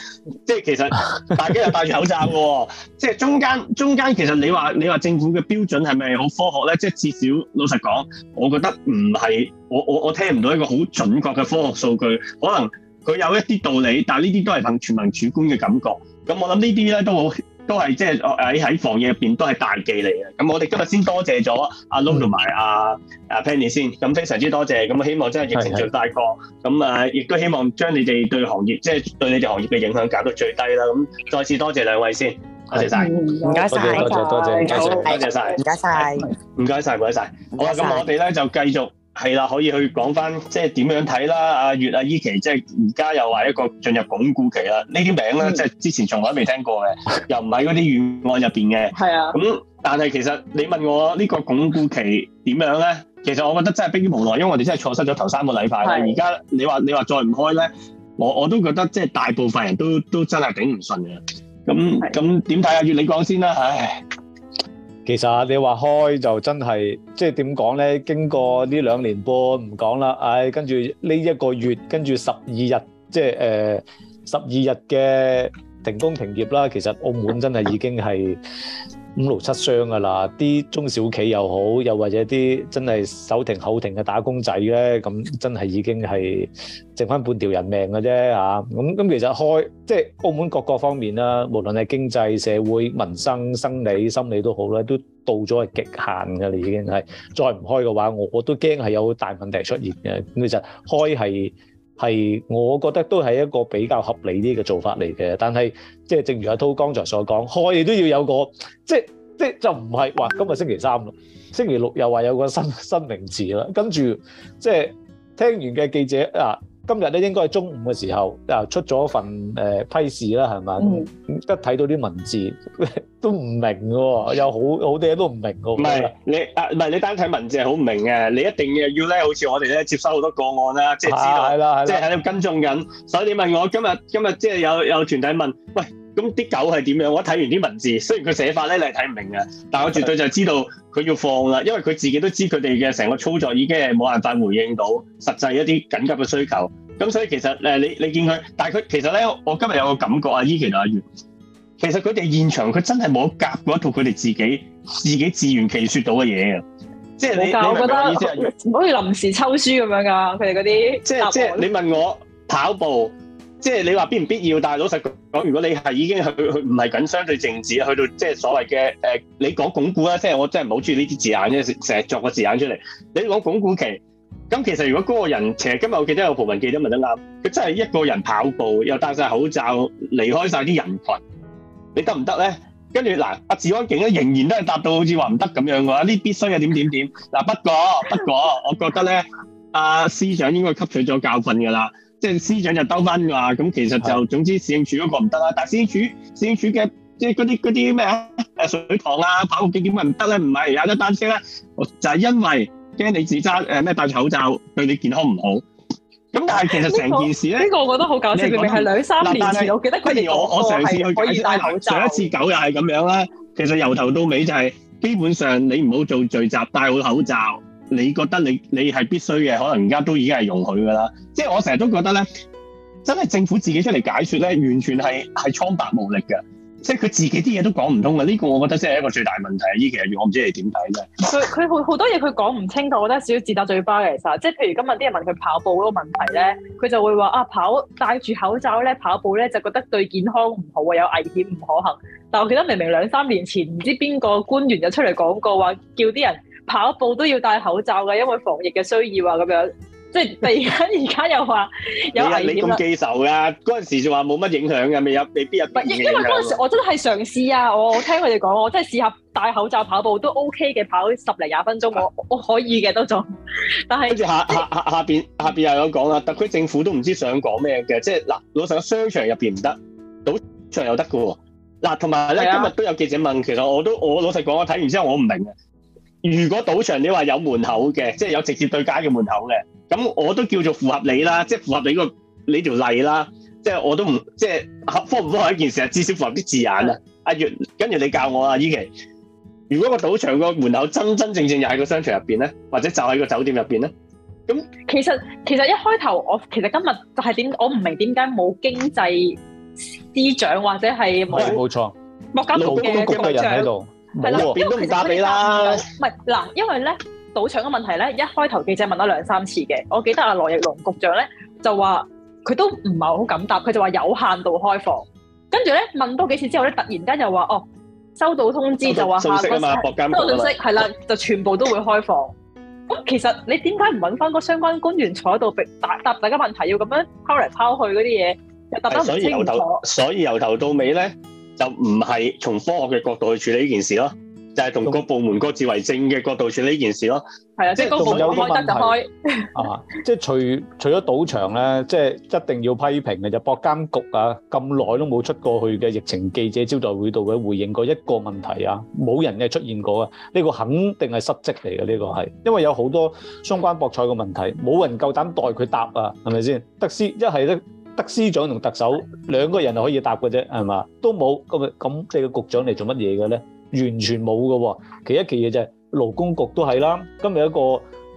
S1: 即係、嗯、其實大家又戴住口罩喎，即係 中間中間其實你話你話政府嘅標準係咪好科學咧？即係至少老實講，我覺得唔係，我我我聽唔到一個好準確嘅科學數據，可能佢有一啲道理，但係呢啲都係憑全民主觀嘅感覺。咁我諗呢啲咧都好。都係即係喺喺行業入邊都係大忌嚟嘅。咁我哋今日先多謝咗阿 Lo 同埋阿、嗯、阿、啊、Penny 先，咁非常之多謝,謝。咁希望真係疫情盡快過。咁啊的，亦都希望將你哋對行業，即、就、係、是、對你哋行業嘅影響搞到最低啦。咁再次多謝,謝兩位先，多謝晒！唔該
S2: 晒！多謝多
S1: 謝多謝，唔該晒！唔該晒！唔該晒！唔該曬，好啦，咁我哋咧就繼續。係啦，可以去講翻，即係點樣睇啦、啊，阿月啊，依期即係而家又話一個進入鞏固期啦。呢啲名咧，嗯、即係之前從來未聽過嘅，又唔喺嗰啲預案入邊嘅。係啊。咁但係其實你問我呢個鞏固期點樣咧？其實我覺得真係迫於無奈，因為我哋真係錯失咗頭三個禮拜。而家的你話你話再唔開咧，我我都覺得即係大
S3: 部分人都都真係頂唔順嘅。咁咁點睇啊？月你講先啦，唉。其實你話開就真係，即係點講呢？經過呢兩年半唔講啦，唉，跟住呢一個月，跟住十二日，即係誒十二日嘅停工停業啦。其實澳門真係已經係。五六七箱噶啦，啲中小企又好，又或者啲真係手停口停嘅打工仔咧，咁真係已經係剩翻半條人命嘅啫吓，咁咁其實開，即係澳門各個方面啦，無論係經濟、社會、民生、生理、心理都好啦，都到咗係極限㗎啦，已經係再唔開嘅話，我我都驚係有大問題出現嘅。咁其實開係。係，我覺得都係一個比較合理啲嘅做法嚟嘅。但係，即係正如阿濤剛才所講，開都要有個，即係即係就唔係話今日星期三咯，星期六又話有個新新名詞啦。跟住即係聽完嘅記者啊。今日咧應該係中午嘅時候，啊出咗份誒批示啦，係咪？得睇到啲文字都唔明嘅，有好好多嘢都唔明嘅。唔係你啊，唔係你單睇文字係好唔明嘅，你一定要要咧，
S1: 好似我哋咧接收好多個案啦，即係知道，係啦，即係喺度跟蹤緊。所以你問我今日今日即係有有團體問，喂？咁啲狗係點樣？我睇完啲文字，雖然佢寫法咧你係睇唔明嘅，但我絕對就知道佢要放啦，因為佢自己都知佢哋嘅成個操作已經係冇辦法回應到實際一啲緊急嘅需求。咁所以其實你你見佢，但佢其實咧，我今日有個感覺啊，依期同阿袁，其實佢哋現場佢真係冇夾過一套佢哋自己自己自圓其説到嘅嘢嘅，即
S5: 係你我覺得好似臨時抽書咁樣㗎，佢哋嗰啲即係即係你問我跑步。即係你話必
S1: 唔必要，但係老實講，如果你係已經去去唔係緊相對靜止，去到即係所謂嘅誒、呃，你講鞏固啊，即係我真係唔好鍾意呢啲字眼，即成日作個字眼出嚟。你講鞏固期，咁其實如果嗰個人，其實今日我記得有蒲文記得，得咪得啱？佢真係一個人跑步，又戴晒口罩，離開晒啲人群，你得唔得咧？跟住嗱，阿、啊、治安警咧，仍然都係答到好似話唔得咁樣嘅啦。呢、啊、必須嘅點點點，嗱，不過不過，我覺得咧，阿、啊、司長應該吸取咗教訓㗎啦。即係司長就兜翻話，咁其實就總之市政處嗰個唔得啦，的但係市政處市政處嘅即係嗰啲啲咩啊，誒水塘啊，跑步點解唔得咧？唔係有得單車咧，就係、是、因為驚你自揸誒咩戴住口罩對你健康唔好。咁、嗯、但係其實成件事咧，呢、 這個這個我覺
S5: 得好搞笑，明明係兩三
S1: 年前，但是我記得佢哋我我上次去戴口罩，口罩上一次狗又係咁樣啦。其實由頭到尾就係基本上你唔好做聚集，戴好口罩。你覺得你你係必須嘅，可能而家都已經係容許㗎啦。即係我成日都覺得咧，真係政府自己出嚟解説咧，完全係係蒼白無力嘅，即係佢自己啲嘢都講唔通嘅。呢個我覺得真係一個最大問題。依期我唔知你點睇啫。
S5: 佢佢好好多嘢佢講唔清楚，我覺得少少自打嘴巴嘅曬。其實即係譬如今日啲人問佢跑步嗰個問題咧，佢就會話啊跑戴住口罩咧跑步咧就覺得對健康唔好，有危險，唔可行。但我記得明明兩三年前唔知邊個官員就出嚟講過話叫啲人。跑步都要戴口罩嘅，因為防疫嘅需要啊，咁樣即係突然間而家又話有危險、 啊。你咁記
S1: 仇噶、啊？嗰陣時就話冇乜影響嘅，未有未必有。不因為嗰陣時我
S5: 真係嘗試啊！我我聽佢哋講，我真係試下戴口罩跑步都 OK 嘅，跑十零廿分鐘我 我，我可以嘅都仲。但跟住下
S1: 下下邊下邊又有講啦，特區政府都唔知想講咩嘅，即係嗱老實商場入邊唔得，賭場又得嘅喎。嗱同埋咧今日都有記者問，其實我都我老實講，我睇完之後我唔明啊。如果賭場你話有門口嘅，即係有直接對街嘅門口嘅，咁我都叫做符合你啦，即係符合你個你條例啦。即係我都唔即係合方唔方係一件事啊，至少符合啲字眼啊。阿、啊、月跟住你教我啊，依琪。如果個賭場個門口真真正正又喺個商場入邊咧，或者就喺個酒店入邊咧，
S5: 咁其實其實一開頭我其實今日就係點，我唔明點解冇經濟司長或者係冇冇
S3: 錯，莫家務局嘅人喺度。係啦，邊都唔
S5: 答你啦。唔係嗱，因為咧賭場嘅問題咧，一開頭記者問咗兩三次嘅，我記得阿羅奕龍局長咧就話佢都唔係好敢答，佢就話有限度開放。跟住咧問多幾次之後咧，突然間又話哦收到通知就話下個，收到信息係啦監，就全部都會開放。咁 其實你點解唔揾翻個相關官員坐喺度答答大家問題，要咁樣拋嚟拋去嗰啲嘢，又答得唔清唔楚？所以由頭，
S1: 所以由頭到尾咧。就唔係從科學嘅角度去處理呢件事咯，就係同個部門各自為政嘅
S3: 角度處理呢件事咯。
S1: 係啊，即係個部門開得就開。
S3: 啊，即係除除咗賭場咧，即係一定要批評嘅就博監局啊，咁耐都冇出過去嘅疫情記者招待會度嘅回應過一個問題啊，冇人嘅出現過啊，呢個肯定係失職嚟嘅呢個係，因為有好多相關博彩嘅問題，冇人夠膽代佢答啊，係咪先？特施一係得，得司長同特首兩個人可以答嘅啫，係嘛？都冇咁即係，你個局長嚟做乜嘢嘅咧？完全冇㗎喎。其一其二就係勞工局都係啦。今日一個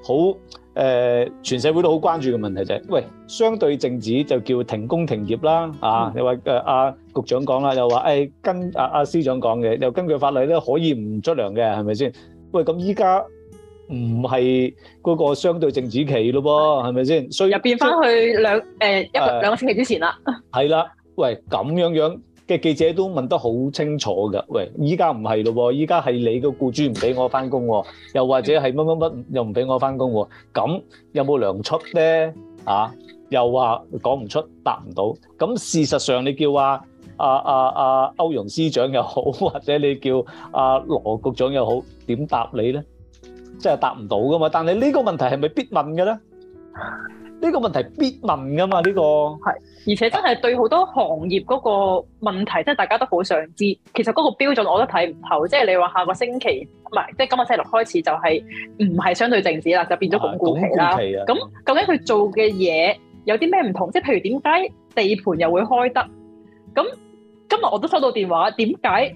S3: 好誒，全社會都好關注嘅問題就係：喂，相對靜止就叫停工停業啦。啊，你話誒阿局長講啦，又話誒跟阿阿司長講嘅，又根據法例咧可以唔出糧嘅，係咪先？喂，咁依家。唔係嗰個相對靜止期咯噃，係咪先？所以入面翻去兩
S5: 誒一個兩個星期之前啦。
S3: 係啦，喂，咁樣樣嘅記者都問得好清楚㗎。喂，依家唔係咯喎，依家係你個僱主唔俾我翻工喎，又或者係乜乜乜又唔俾我翻工喎。咁有冇糧出咧？啊，又話講唔出，答唔到。咁事實上你叫阿阿阿阿歐陽司長又好，或者你叫阿羅局長又好，點答你咧？即係答唔到㗎嘛？但係呢個問題係咪必問嘅咧？呢個問題必問㗎嘛？呢個係而且真
S5: 係對好多行業嗰個問題，即係大家都好想知。其實嗰個標準我都睇唔透。即係你話下個星期唔係，即係今日星期六開始，就係唔係相對靜止啦，就變咗鞏固期啦。咁究竟佢做嘅嘢有啲咩唔同？即係譬如點解地盤又會開得？咁今日我都收到電話，點解？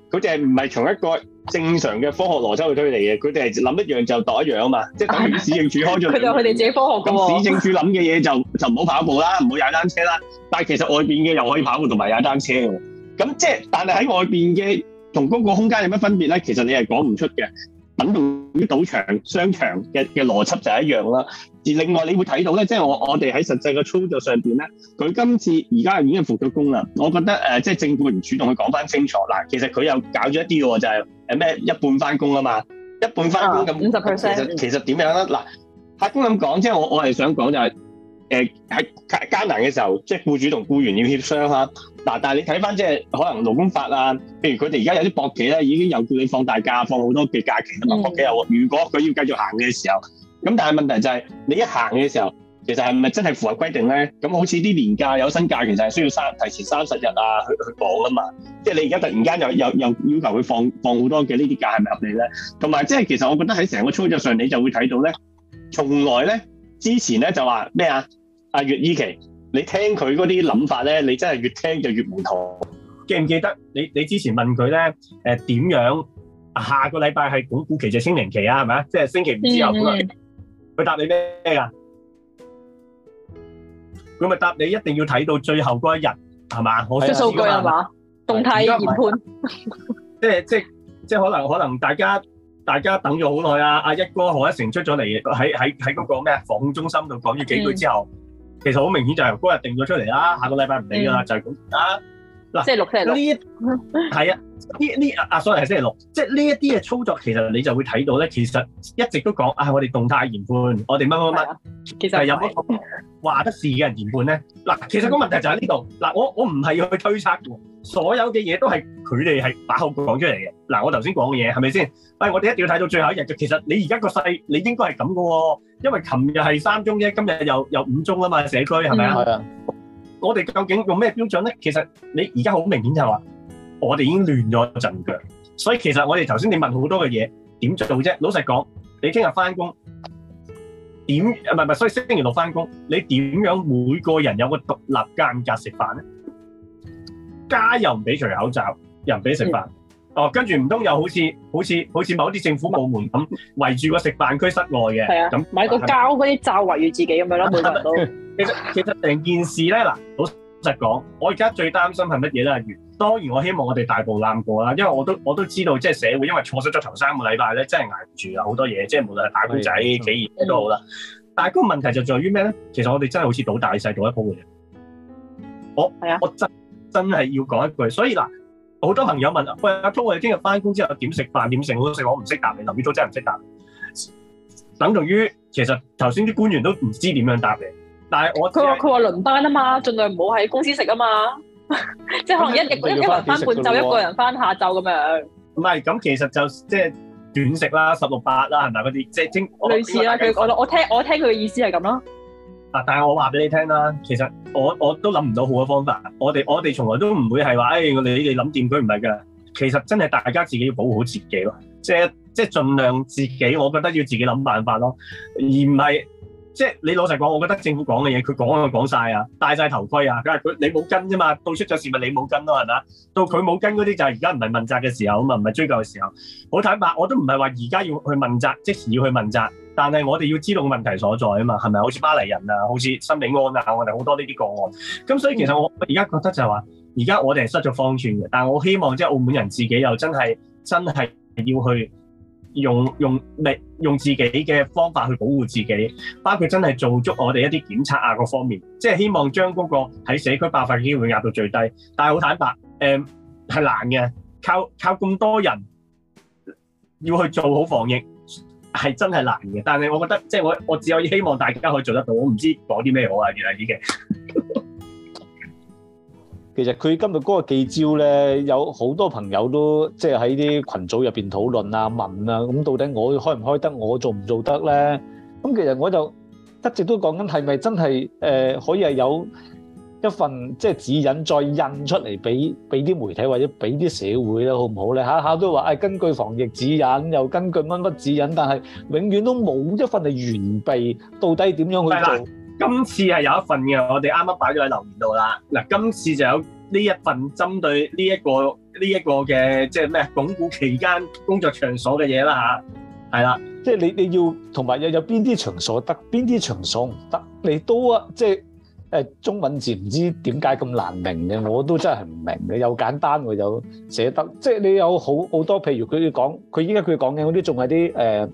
S1: 佢哋係唔係從一個正常嘅科學邏輯去推嚟嘅？佢哋係諗一樣就答一樣啊嘛，即係等於市政署開咗。佢哋話
S5: 佢哋自己科學喎。咁市政
S1: 署諗嘅嘢就就唔好跑步啦，唔好踩單車啦。但係其實外邊嘅又可以跑步同埋踩單車嘅。咁即係，但係喺外邊嘅同嗰個空間有乜分別咧？其實你係講唔出嘅。等於賭場、商場嘅嘅邏輯就係一樣啦。而另外你會睇到咧，即係我我哋喺實際嘅操作上邊咧，佢今次而家已經復咗工啦。我覺得誒，即係政府唔主動去講翻清楚嗱。其實佢又搞咗一啲喎，就係誒咩一半翻工啊嘛，一半翻工咁。五十 percent、哦、其實其實點樣咧？嗱，客觀咁講即係我我係想講就係。誒喺艱難嘅時候，即係僱主同僱員要協商下。嗱、啊，但係你睇翻即係可能勞工法啊，譬如佢哋而家有啲博企啦，已經又叫你放大假，放好多嘅假期啊嘛。博企又如果佢要繼續行嘅時候，咁但係問題就係你一行嘅時候，其實係咪真係符合規定咧？咁好似啲年假、有薪假，其實係需要三提前三十日啊，去去補啊嘛。即係你而家突然間又又又要求佢放放好多嘅呢啲假，係咪合理咧？同埋即係其實我覺得喺成個操作上，你就會睇到咧，從來咧之前咧就話咩啊？阿、啊、月依琪，你聽佢嗰啲諗法咧，你真係越聽就越唔妥。記唔記得你你之前問佢咧？誒、呃，點樣下個禮拜係鞏固期就清零期啊？係咪啊？即係星期五之後好佢、嗯嗯、答你咩噶？佢咪答你一定要睇到最後嗰一日，係嘛？我出數據係嘛？
S5: 吧動態研判 。
S1: 即係即係即係可能可能大家大家等咗好耐啊！阿一哥何一成出咗嚟喺喺喺嗰個咩防控中心度講咗幾句之後。嗯其實好明顯就係嗰日定咗出嚟啦，下個禮拜唔畀㗎啦，嗯、就係咁嗱，星期六，嗰啲係啊，呢呢啊，所以係星期六，即係呢一啲嘅操作，其實你就會睇到咧，其實一直都講啊，我哋動態研判，我哋乜乜乜，其實係有乜話得事嘅人研判咧？
S3: 嗱、啊，其實個問題就喺呢
S1: 度。嗱、啊，我我唔係要去推測，所有嘅嘢都係佢哋係把口講出嚟嘅。嗱、啊，我頭先講嘅嘢係咪先？誒、啊，我哋一定要睇到最後一日嘅。其實你而家個勢你應該係咁嘅，因為琴日係三宗啫，今日又有五宗啊嘛，社區係咪啊？係啊。我哋究竟用咩標準咧？其實你而家好明顯就係話，我哋已經亂咗陣腳。所以其實我哋頭先你問好多嘅嘢點做啫？老實講，你聽日翻工點？唔係唔係，所以星期六翻工，你點樣每個人有個獨立間隔食飯咧？家又唔俾除口罩，又唔俾食飯。嗯、哦，跟住唔通又好似好似好似某啲政府部門咁，圍住個食飯區室外嘅，咁、啊、樣買個膠
S5: 嗰啲罩圍住自己咁樣咯，每個人都。啊啊啊
S1: 其實成件事咧，嗱，老實講，我而家最擔心係乜嘢咧？月，當然我希望我哋大步攬過啦，因為我都我都知道，即係社會，因為錯失咗頭三個禮拜咧，真係挨唔住啊！好多嘢，即係無論係打工仔、的企業都好啦。嗯、但係個問題就在於咩咧？其實我哋真係好似賭大細，賭一舖嘅。我係啊，的我真的真係要講一句，所以嗱，好多朋友問阿濤、啊，我哋今日翻工之後點食飯？點食好食？我唔識答你，林宇濤真係唔識答。等同於，其實頭先啲官員都唔知點樣答你。
S5: 但係我佢話佢話輪班啊嘛，盡量唔好喺公司食啊嘛， 即係可能一日一一日輪半晝，啊、一個人翻下晝咁樣。
S1: 唔係咁，其實就即係短食啦，十六八啦，係咪嗰啲即係精？類似啦，佢我我
S5: 聽我聽佢嘅意思係咁咯。
S1: 嗱，但係我話俾你聽啦，其實我我都諗唔到好嘅方法。我哋我哋從來都唔會係話誒，你哋諗掂佢唔係㗎。其實真係大家自己要保護好自己咯，即係即係盡量自己，我覺得要自己諗辦法咯，而唔係。即係你老實講，我覺得政府講嘅嘢，佢講就講晒啊，戴晒頭盔啊，梗係佢你冇跟啫嘛，到出咗事咪你冇跟咯，係咪啊？到佢冇跟嗰啲就係而家唔係問責嘅時候啊嘛，唔係追究嘅時候。好坦白，我都唔係話而家要去問責，即時要去問責，但係我哋要知道問題所在啊嘛，係咪？好似巴黎人啊，好似心理案啊，我哋好多呢啲個案。咁所以其實我而家覺得就係話，而家我哋係失咗方寸嘅，但我希望即係澳門人自己又真係真係要去。用用未用自己嘅方法去保護自己，包括真係做足我哋一啲檢測啊各方面，即係希望將嗰個喺社區爆發嘅機會壓到最低。但係好坦白，誒、嗯、係難嘅，靠靠咁多人要去做好防疫係真係難嘅。但係我覺得即係、就是、我我只可以希望大家可以做得到。我唔知講啲咩好啊，原來已經。
S3: 其實佢今日嗰個記招咧，有好多朋友都即係喺啲群組入邊討論啊、問啊，咁、嗯、到底我開唔開得，我做唔做得咧？咁其實我就一直都講緊，係咪真係誒可以係有一份即係指引再印出嚟俾俾啲媒體或者俾啲社會咧，好唔好咧？下下都話誒、哎，根據防疫指引，又根據乜乜指引，但係永遠都冇一份係完備，到底點樣去做？今次係有一份嘅，我哋啱啱擺咗喺留言度啦。嗱，今次就有呢一份針
S1: 對呢、這、一個呢一、這個嘅即係咩，鞏固期間工作場所嘅嘢啦嚇。
S3: 係啦，即係你你要同埋有有邊啲場所得，邊啲場所唔得，你都啊，即係誒中文字唔知點解咁難明嘅，我都真係唔明嘅。又簡單有寫得，即係你有好好多，譬如佢講，佢依家佢講嘅嗰啲仲係啲誒。呃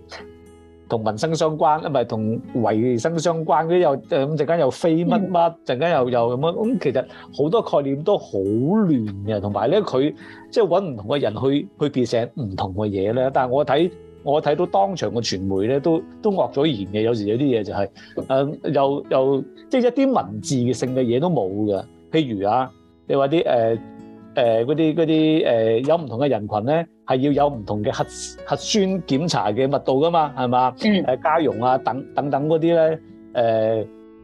S3: 同民生相關，唔係同衞生相關嗰啲又咁陣間，又飛乜乜，陣間又又咁啊！咁其實好多概念都好亂嘅，同埋咧佢即係揾唔同嘅人去去變成唔同嘅嘢咧。但係我睇我睇到當場嘅傳媒咧，都都惡咗言嘅。有時有啲嘢就係誒，又又即係一啲文字性嘅嘢都冇嘅。譬如啊，你話啲誒誒嗰啲嗰啲誒有唔同嘅人群咧。係要有唔同嘅核核酸檢查嘅密度噶嘛，係嘛？誒、嗯、家傭啊，等等等嗰啲咧，誒、呃、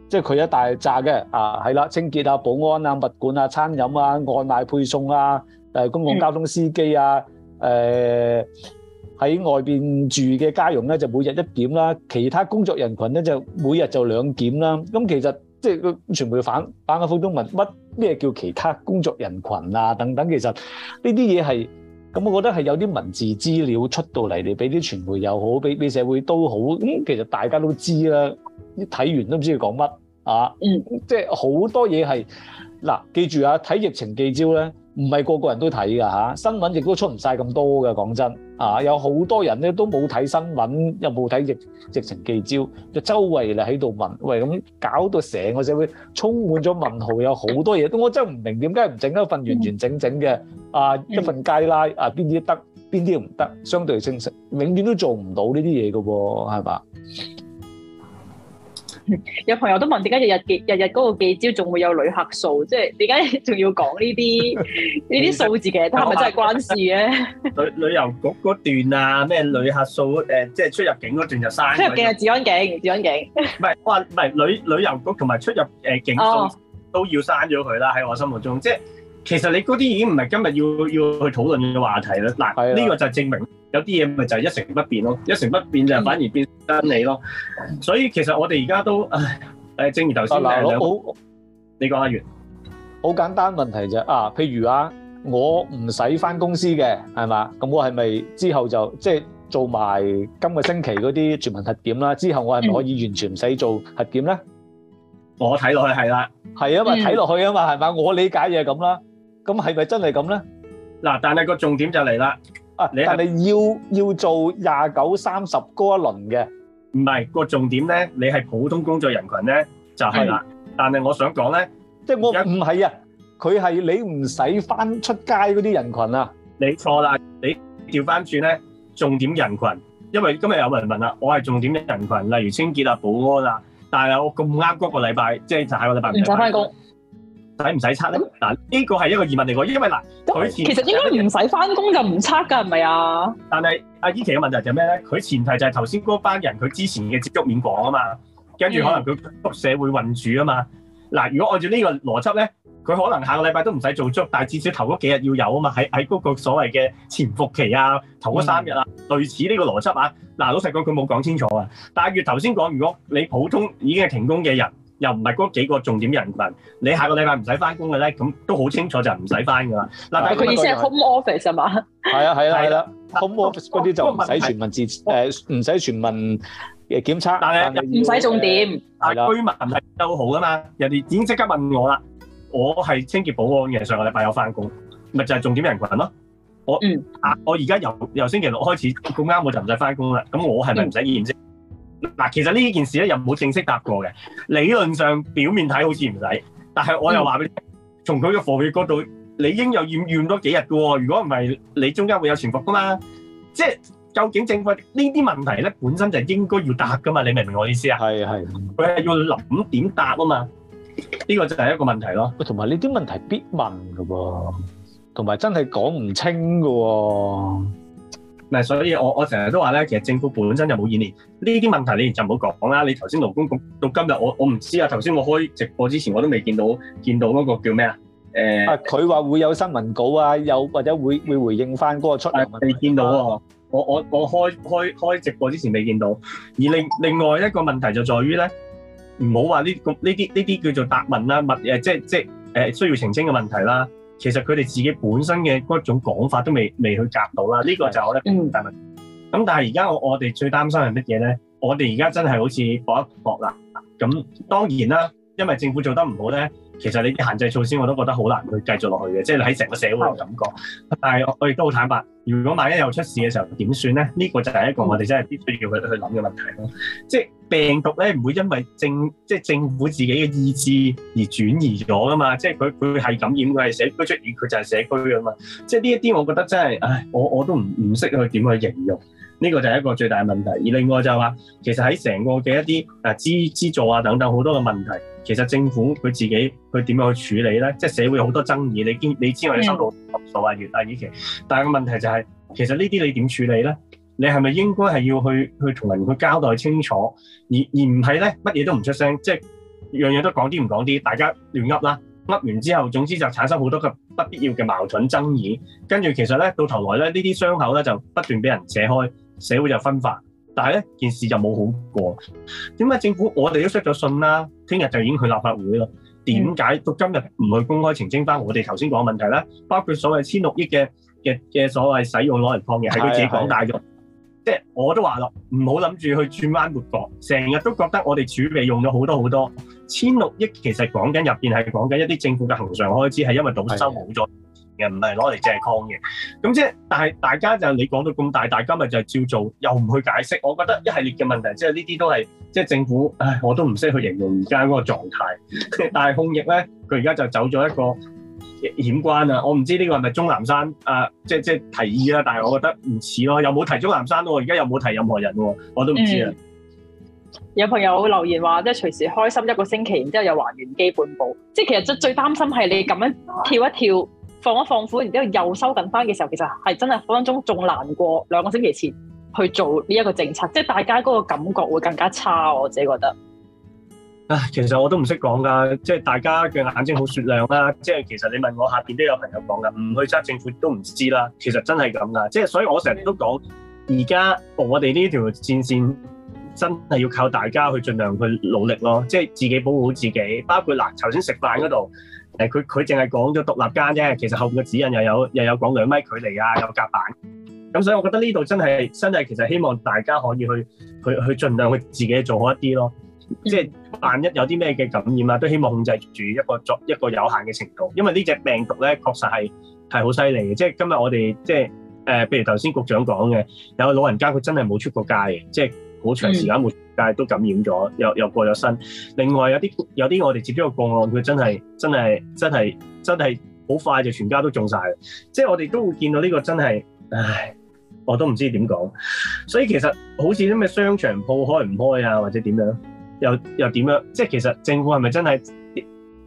S3: 即係佢一大扎嘅啊，係啦，清潔啊、保安啊、物管啊、餐飲啊、案外賣配送啊、誒公共交通司機啊，誒、呃、喺外邊住嘅家傭咧就每日一檢啦，其他工作人群咧就每日就兩檢啦。咁其實即係全部反反覆覆中文乜咩叫其他工作人群啊等等，其實呢啲嘢係。咁我覺得係有啲文字資料出到嚟，你俾啲傳媒又好，俾俾社會都好，咁其實大家都知啦。睇完都唔知佢講乜啊，即係好多嘢係嗱，記住啊，睇疫情記招咧，唔係個個人都睇㗎嚇，新聞亦都出唔晒咁多㗎，講真。啊！有好多人咧都冇睇新聞，又冇睇疫疫情記招，就周圍咧喺度問，喂咁搞到成個社會充滿咗問號，有好多嘢都我真唔明，點解唔整一份完完整整嘅、嗯、啊一份街拉啊邊啲得，邊啲唔得，相對清晰，永遠都做唔到呢啲嘢嘅喎，係嘛？
S5: 有朋友都問，點解日日記日日嗰個記招仲會有旅客數，即係點解仲要講呢啲呢啲數字嘅？ 是是的係咪真係關事咧？
S1: 旅旅遊局嗰段啊，咩旅客數誒、呃，即係出入境嗰段就刪。出入境係
S5: 治安警，治 安警。
S1: 唔 係，哇唔係旅旅遊局同埋出入境警、呃、都要刪咗佢啦。喺我心目中，即係。其實你嗰啲已經唔係今日要要去討論嘅話題了啦。嗱的，呢個就證明有啲嘢咪就係一成不變咯。一成不變就反而變得你咯。嗯、所以其實我哋而家都誒，正如頭先誒，你好，我你講下
S3: 完。好簡單的問題啫。啊，譬如啊，我唔使返公司嘅，係嘛？咁我係咪之後就即係、就是、做埋今個星期嗰啲全民核檢啦？之後我係咪可以完全唔使做核檢咧？我睇落去係啦。係啊嘛，睇落去啊嘛，係嘛？我理解嘢咁啦。咁係咪真係咁咧？嗱、啊，但係個重點就嚟啦。你啊，係咪要要做廿九三十嗰一輪嘅，唔係、嗰個重點咧。你係普通工作人群咧，就係、是、啦。嗯、但係我想講咧，即係我唔係在啊，佢係你唔使翻出街嗰啲人群啊。你錯啦，你調翻轉咧，重點人群。
S1: 因為今日有人問啦，我係重點嘅人群，例如清潔啊、保安啊，但係我咁啱嗰個禮拜，即係就喺、是、個禮拜翻工、啊。嗯使唔使測咧？嗱、嗯，呢個係一個疑問嚟嘅，因為嗱，其實應
S5: 該唔使返工就唔測㗎，係咪啊？但係阿依琪嘅問題就係咩咧？
S1: 佢前提就係頭先嗰班人佢之前嘅接觸面講啊嘛，跟住可能佢個社會混住啊嘛。嗱、嗯，如果按照呢個邏輯咧，佢可能下個禮拜都唔使做足，但係至少頭嗰幾日要有啊嘛。喺喺嗰個所謂嘅潛伏期啊，頭嗰三日啊，嗯、類似呢個邏輯啊。嗱，老實講佢冇講清楚啊。但係月頭先講，如果你普通已經係停工嘅人。又唔係嗰幾個重點人群，你下個禮拜唔使翻工嘅咧？咁都好清楚就唔使翻噶啦。
S3: 嗱，但係佢意思係 home
S5: office 係嘛？係啊係啊係啦
S3: ，home office 嗰啲就唔使全民，唔使全民嘅檢查，但係唔使重點。居民係
S1: 都好㗎嘛？人哋已經即刻問我啦，我係清潔保安嘅，上個禮拜有翻工，咪就係重點人群咯。我啊，我而家由由星期六開始咁啱，我就唔使翻工啦。咁我係咪唔使驗啫？嗱，其實呢件事咧又冇正式答過嘅。理論上表面睇好似唔使，但係我又話俾你，從佢嘅防疫角度，理應又驗驗多幾日嘅喎。如果唔係，你中間會有潛伏噶嘛？即係究竟政府呢啲問題咧，本身就應該要答噶嘛？你明唔明我意思啊？係係，佢係要諗點答
S3: 啊嘛？呢個就係一個問題咯。喂，同埋呢啲問題必問嘅喎，同埋真係講唔清嘅喎。咪所以我，我我成日都話咧，其實
S1: 政府本身就冇演練，呢啲問題你就唔好講啦。你頭先勞工局到今日，我我唔知啊。頭先我開直播之前，我都未見到見到嗰個叫咩、呃、啊？誒啊！佢話會有新聞稿啊，有或者會會回應翻嗰個出嚟、啊。未見到喎、啊？我我我開開開直播之前未見到。而另另外一個問題就在於咧，唔好話呢個呢啲呢啲叫做答問啦、啊，乜誒即即誒、呃、需要澄清嘅問題啦、啊。其實佢哋自己本身嘅嗰種講法都未，未去夾到啦，呢個就是我覺得大問題。咁、嗯、但係而家我哋最擔心係乜嘢呢？我哋而家真係好似博一博啦。咁當然啦。因為政府做得唔好咧，其實你啲限制措施我都覺得好難去繼續落去嘅，即係喺成個社會嘅感覺。但係我亦都好坦白，如果萬一有出事嘅時候點算咧？呢個就係一個我哋真係必須要去去諗嘅問題咯。即係病毒咧，唔會因為政即係政府自己嘅意志而轉移咗噶嘛？即係佢佢係感染佢係社區出現，佢就係社區噶嘛。即係呢一啲，我覺得真係唉，我我都唔唔識去點去形容，呢個就係一個最大嘅問題。而另外就係話，其實喺成個嘅一啲啊資資助啊等等好多嘅問題。其實政府佢自己佢點樣去處理咧？即係社會有好多爭議，你知，你知我哋收到數啊，越、嗯、大越奇。但係問題就係、是，其實呢啲你點處理咧？你係咪應該係要去去同人去交代清楚，而而唔係咧乜嘢都唔出聲，即係樣樣都講啲唔講啲，大家亂噏啦，噏完之後，總之就產生好多嘅不必要嘅矛盾爭議。跟住其實咧到頭來咧，傷呢啲傷口咧就不斷俾人扯開，社會就分化，但係咧件事就冇好過。點解政府我哋都失咗信啦？聽日就已經去立法會咯，點解到今日唔去公開澄清翻我哋頭先講嘅問題咧？包括所謂千六億嘅嘅嘅所謂使用攞嚟抗疫，係佢的自己講大咗。即係的我都話咯，唔好諗住去轉彎抹角，成日都覺得我哋儲備用咗好多好多千六億，其實講緊入邊係講緊一啲政府嘅恆常開支，係因為賭收冇咗。人唔係攞嚟借抗嘅，咁即係，但係大家就你講到咁大，大家咪就照做，又唔去解釋。我覺得一系列嘅問題，即係呢啲都係，即係政府，唉，我都唔識去形容而家嗰個狀態。但係控疫咧，佢而家就走咗一個險關啦。我唔知呢個係咪鍾南山啊、呃，即即係提議啦，但係我覺得唔似咯，又冇提鍾南山喎，而家又冇提任何人喎，我都唔知啊、嗯。
S5: 有朋友留言話，即係隨時開心一個星期，然之後又還原基本步，即係其實最最擔心係你咁樣跳一跳。放一放寬，然之後又收緊翻嘅時候，其實係真係分分鐘仲難過，兩個星期前去做呢一個政策，即係大家嗰個感覺會更加差。我自己覺得，
S1: 唉，其實我都唔識講噶，即係大家嘅眼睛好雪亮啦。即係 其實你問我下邊都有朋友講噶，唔去測政府都唔知啦。其實真係咁噶，即係所以我成日都講，而家我哋呢條戰線真係要靠大家去盡量去努力咯。即係自己保護好自己，包括嗱，頭先食飯嗰度。誒佢佢淨係講咗獨立間啫，其實後邊嘅指引又有又有講兩米距離啊，有隔板。咁所以我覺得呢度真係真係其實希望大家可以去去去盡量去自己做好一啲咯。即係萬一有啲咩嘅感染啊，都希望控制住一個作一個有限嘅程度。因為呢隻病毒咧確實係係好犀利嘅。即係今日我哋即係誒，譬如頭先局長講嘅，有個老人家佢真係冇出過街嘅，即係好長時間冇、嗯。但係都感染咗，又又過咗身。另外有啲有啲我哋接咗個個案，佢真係真係真係真係好快就全家都中晒。即係我哋都會見到呢個真係，唉，我都唔知點講。所以其實好似啲咩商場鋪開唔開啊，或者點樣，又又點樣？即係其實政府係咪真係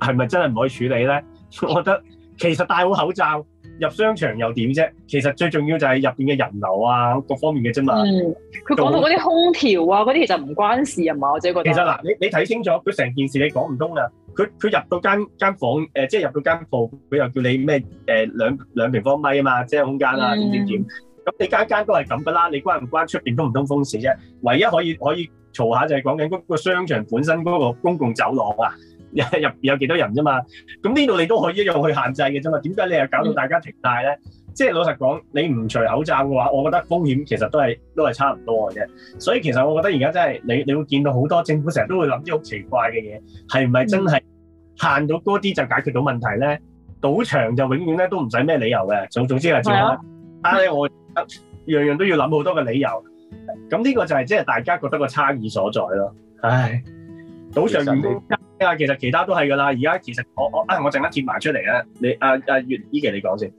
S1: 係咪真係唔可以處理咧？我覺得其實戴好口罩。入商場又點啫？其實最重要就係入邊嘅人流啊，各方面嘅啫嘛。嗯，佢講到嗰啲
S5: 空調啊，嗰啲其實唔關事啊嘛，我只係覺得。其實嗱，你
S1: 你睇清楚，佢成件事你講唔通啊！佢佢入到間，間房、呃、即係入到間鋪，佢又叫你咩、呃、兩,兩平方米啊嘛，即係空間啦、啊，點點點。咁你間間都係咁噶啦，你關唔關出邊通唔通風事啫？唯一可以可以嘈下就係講緊嗰個商場本身嗰個公共走廊啊。入入 有幾多人啫嘛？咁呢度你都可以一樣去限制嘅啫嘛？點解你又搞到大家停滯咧？即係、嗯、老實講，你唔除口罩嘅話，我覺得風險其實都係都係差唔多嘅啫。所以其實我覺得而家真係你你會見到好多政府成日都會諗啲好奇怪嘅嘢，係唔係真係限到嗰啲就解決到問題咧？賭場就永遠咧都唔使咩理由嘅，總總之係咁啦。是啊、 但係我樣樣都要諗好多嘅理由。咁呢個就係即係大家覺得個差異所在咯。唉。早上遠光
S3: 啊，其實，其實其他都係㗎啦。而家其實我我來啊，我陣間貼埋出嚟啊。你阿啊，月依期你講先。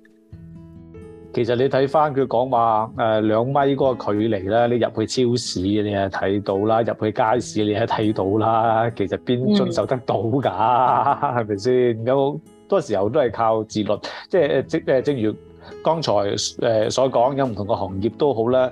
S3: 其實你睇翻佢講話誒兩、呃、米嗰個距離啦，你入去超市你係睇到啦，入去街市你係睇到啦。其實邊遵守得到㗎？係咪先？有好多時候都係靠自律，即係即係正如剛才誒所講，有唔同個行業都好啦。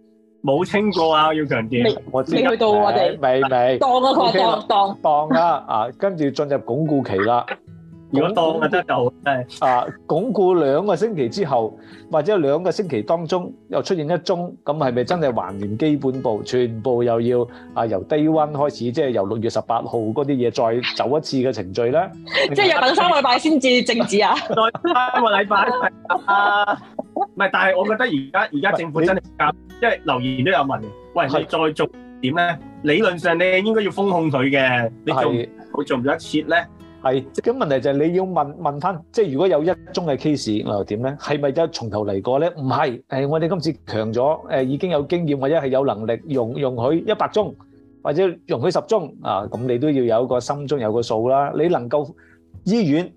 S3: 冇清過啊！我要強調，你未去到我哋，未未，當啊，佢話當當 Okay, 當啊，跟住、啊啊、進入鞏固期啦。如果當得夠，係固啊，鞏固兩個星期之後，或者兩個星期當中又出現一宗，咁係咪真係還原基本步，全部又要啊由低溫開始，即係由六月十八號嗰啲嘢再走一次嘅程序咧？
S5: 即係要等三個禮拜先至政治啊！
S1: 再三個禮拜啊，唔係， 但係我覺得而家而家政府真係即係留言都有問嘅，喂，你再做點咧？理論上你應該要封控佢
S3: 嘅，你做佢做唔得切咧？係，咁問題就係你要問問翻，即係如果有一宗嘅 case，我又點咧？係咪得從頭嚟過咧？唔係，誒，我哋今次強咗，誒已經有經驗或者係有能力容容許一百宗，或者容許十宗啊，咁你都要有一個心中有個數啦。你能夠醫院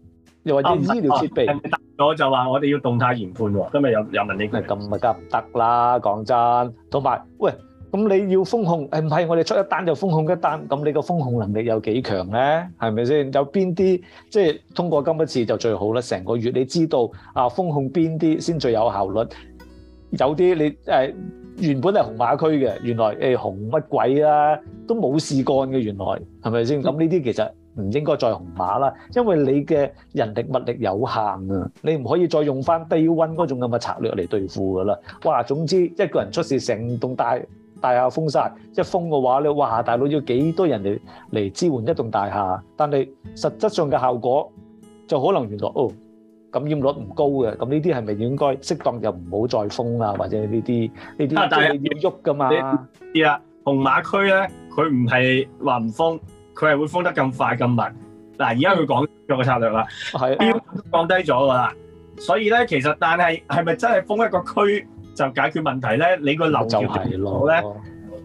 S3: 又或者醫療設備？我就話我哋要動態研判喎，今日又又問你咁咪梗唔得啦？講真，同埋喂，咁你要封控係唔係？我哋出一單就封控一單，咁你個封控能力有幾強咧？係咪先？有邊啲即係通過今一次就最好啦？成個月你知道啊封控邊啲先最有效率？有啲你誒原本係紅碼區嘅，原來誒紅乜鬼啊，都冇事幹嘅原來係咪先？咁呢啲其實～唔應該再紅馬啦，因為你嘅人力物力有限啊，你唔可以再用翻低溫嗰種咁嘅策略嚟對付噶啦。哇，總之一個人出事，成棟大大廈封殺，一封嘅話你，哇，大佬要幾多人嚟嚟支援一棟大廈？但係實質上嘅效果就可能原來哦，感染率唔高嘅。咁呢啲係咪應該適當就唔好再封啊？或者呢啲呢啲但係要喐噶嘛？
S1: 係啊，紅馬區咧，佢唔係話唔封。佢係會封得咁快咁密嗱，而家佢講咗個策略啦，標準、嗯啊、降低咗噶啦，所以咧其實但係係咪真係封一個區就解決問題咧？
S3: 你個樓就係咯，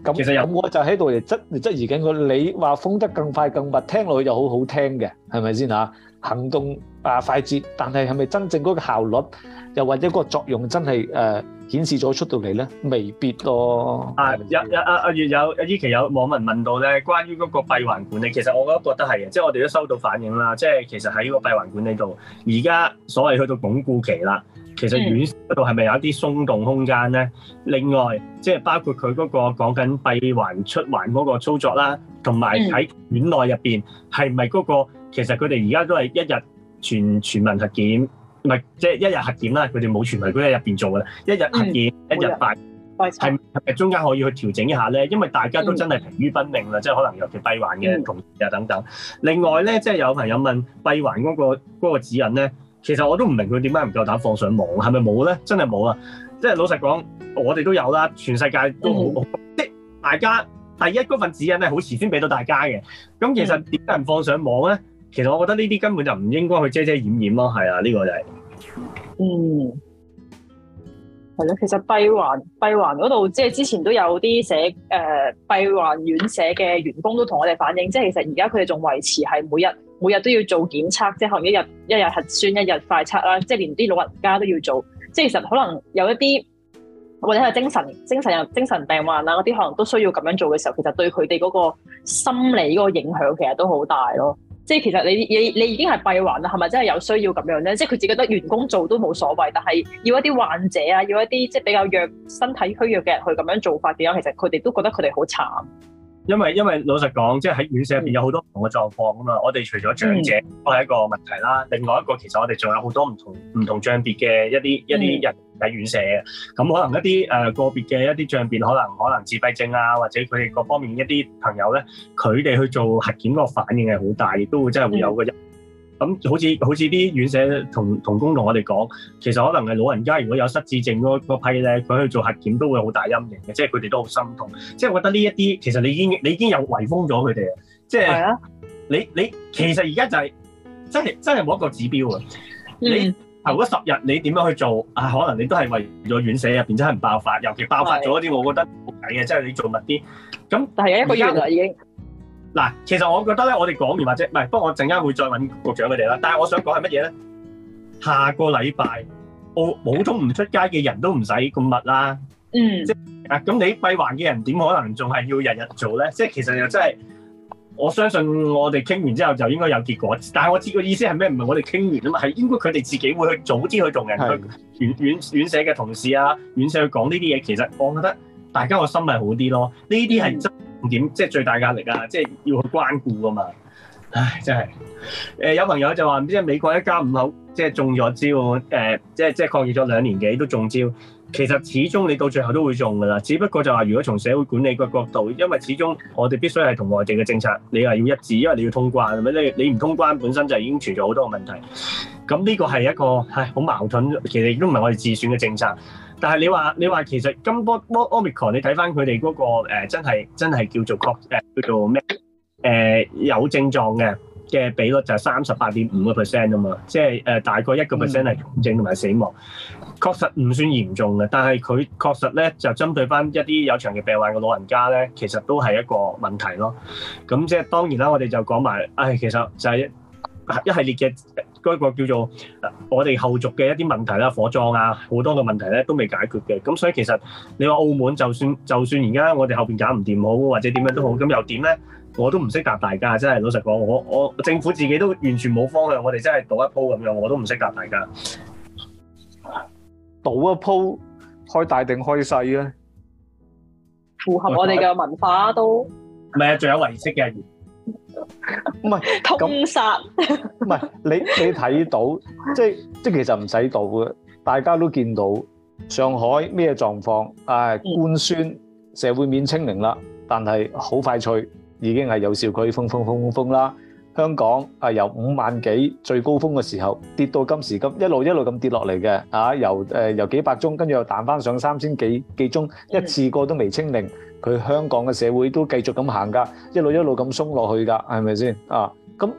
S3: 咁其實有我就喺度嚟質質疑緊佢：「你話封得更快更密，聽落去就好好聽嘅，係咪先啊？行動啊，快捷，但係係咪真正嗰個效率又或者嗰個作用真係誒？呃顯示咗出到嚟咧，未必咯。
S1: 啊，有阿阿阿月有，阿依琪有網民問到咧，關於嗰個閉環管理，其實我覺得得係嘅，即係我哋都收到反映啦。即係其實喺個閉環管理度，而家所謂去到鞏固期啦，其實院度係咪有一啲鬆動空間咧？嗯、另外，即係包括佢嗰個講緊閉環出環嗰個操作啦，同埋喺院內入邊係咪嗰個，其實佢哋而家都係一日全全民核檢。唔係，即係一日核檢啦，佢哋冇全民，嗰啲入邊做嘅啦，一日核檢，一日八，係係、嗯、中間可以去調整一下咧，因為大家都真係疲於奔命啦，嗯、即係可能尤其閉環嘅同事啊等等。嗯、另外咧，即、就、係、是、有朋友問閉環嗰、那個那個指引咧，其實我都唔明佢點解唔夠膽放上網，係咪冇咧？真係冇啊！即係老實講，我哋都有啦，全世界都好，即係、嗯、大家第一嗰份指引咧，好遲先俾到大家嘅。咁其實點解唔放上網咧？其實我覺得呢啲根本就唔應該去遮遮掩掩咯，係啊，呢個
S5: 就係，嗯，係咯。其實閉環閉環嗰度，即係之前都有啲社誒閉環院舍嘅員工都同我哋反映，即係其實而家佢哋仲維持係每日每日都要做檢測，即係可能一日一日核酸、一日快測啦，即係連啲老人家都要做。即係其實可能有一啲或者係精神精神又精神病患啊嗰啲，可能都需要咁樣做嘅時候，其實對佢哋嗰個心理嗰個影響，其實都好大咯。即係其實你你你已經係閉環啦，係咪？即係真係有需要咁樣咧，即係佢自己覺得員工做都冇所謂，但係要一啲患者啊，要一啲即係比較弱身體虛弱嘅人去咁樣做法點樣？其實佢哋都覺得佢哋好慘。
S1: 因為因為老實講，即係喺院舍入面有好多唔同嘅狀況啊嘛。嗯、我哋除咗長者都係一個問題啦。嗯、另外一個其實我哋仲有好多唔同唔同症別嘅一啲一啲人。嗯喺院舍嘅，咁可能一啲誒、呃、個別嘅一啲障別，可能可能自閉症啊，或者佢哋各方面一啲朋友咧，佢哋去做核檢個反應係好大，亦都會真係會有嘅。咁、嗯、好似好似啲院舍同同工同我哋講，其實可能係老人家如果有失智症嗰批咧，佢去做核檢都會好大陰影嘅，即係佢哋都好心痛。即係我覺得呢一啲，其實你已經你已經有圍封咗佢哋啊。即係你你其實而家就係、是、真係真係冇一個指標啊。嗯、你。頭嗰十日你點樣去做啊？可能你都係為咗院舍入邊真係唔爆發，尤其爆發咗啲，的我覺得冇嘅。即係你做密啲咁，但係一個月啦已經嗱。其實我覺得咧，我哋講完話啫，唔係。不過我陣間會再搵局長佢哋啦。但係我想講係乜嘢咧？下個禮拜，普通唔出街嘅人都唔使咁密啦。嗯，即係啊，咁你閉環嘅人點可能仲係要日日做咧？即係其實又真係。我相信我哋傾完之後就應該有結果，但係我知個意思係咩？唔係我哋傾完啊嘛，係應該佢哋自己會去早啲去同人去的院院院舍嘅同事啊，院舍去講呢啲嘢。其實我覺得大家個心係好啲咯。呢啲係重點，即係最大壓力啊，即係要去關顧噶嘛。唉，真係。誒、呃，有朋友就話唔知係美國一家五口即係中咗招，誒、呃，即係即係抗疫咗兩年幾都中招。其實始終你到最後都會用㗎啦，只不過就話如果從社會管理個角度，因為始終我哋必須係同外地嘅政策，你係要一致，因為你要通關你你唔通關本身就已經存在好多個問題，咁、嗯、呢、這個係一個係好矛盾。其實亦都唔係我哋自選嘅政策，但係你話你話其實今波波 Omicron，你睇翻佢哋嗰個、呃、真係真係叫做確、呃、叫做咩誒、呃、有症狀嘅。嘅比率就係三十八點五個 percent 啊嘛，即係誒大概一個 percent 係重症同埋死亡，確、嗯、實唔算嚴重嘅，但係佢確實咧就針對翻一啲有長期病患嘅老人家咧，其實都係一個問題咯。咁即係當然啦，我哋就講埋，誒、哎、其實就係一系列嘅嗰、嗰個叫做我哋後續嘅一啲問題啦，火葬啊好多嘅問題咧都未解決嘅。咁所以其實你話澳門就算就算而家我哋後邊搞唔掂好或者點樣都好，咁又點咧？我都唔識答大家，真係老實講，我我政府自己都完全冇方向。我哋真係賭一鋪咁樣，我都唔識答大家。
S3: 賭一鋪開大定開細咧？符合我哋嘅
S5: 文化都
S3: 唔係啊，仲有遺色嘅，唔
S5: 係，通殺，
S3: 唔係，你你睇到，即係即係其實唔使賭嘅，大家都見到上海咩狀況啊，官宣、嗯、社會面清零啦，但係好快脆。已經係有少區封封封封封啦，香港啊由五萬幾最高峰嘅時候跌到今時今一路一路咁跌落嚟嘅。啊由誒由幾百宗跟住又彈翻上三千幾幾宗，一次過都未清零，佢香港嘅社會都繼續咁行㗎，一路一路咁鬆落去㗎，係咪先啊？咁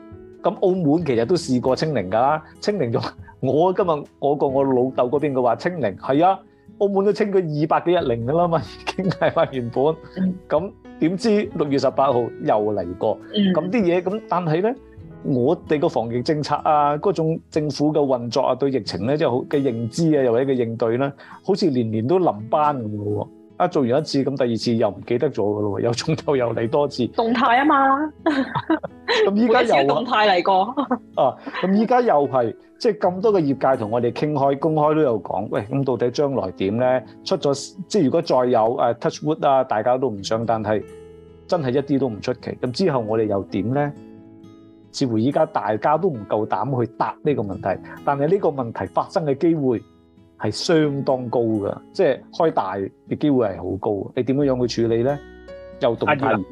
S3: 咁澳門其實都試過清零㗎，清零咗，我今日我個我老豆嗰邊嘅話清零，係啊，澳門都清咗二百幾日零㗎啦嘛，已經係翻原本咁。點知六月十八號又嚟過，咁啲嘢咁，但係咧，我哋個防疫政策啊，嗰種政府嘅運作啊，對疫情咧，即係好嘅認知啊，又或者嘅應對咧，好似年年都臨班咁咯喎，做完一次咁，第二次又唔記得咗噶咯喎，又重頭又嚟多次，動
S5: 態啊嘛，
S3: 咁依家又啊，每次動態嚟過啊，咁依家又係。即係咁多嘅業界同我哋傾開，公開都有講，喂，咁到底將來點咧？出咗即係如果再有誒 Touch Wood 啊，大家都唔想，但係真係一啲都唔出奇。咁之後我哋又點咧？似乎依家大家都唔夠膽去答呢個問題，但係呢個問題發生嘅機會係相當高㗎，即係開大嘅機會係好高，你點樣樣去處理咧？
S1: 阿裕，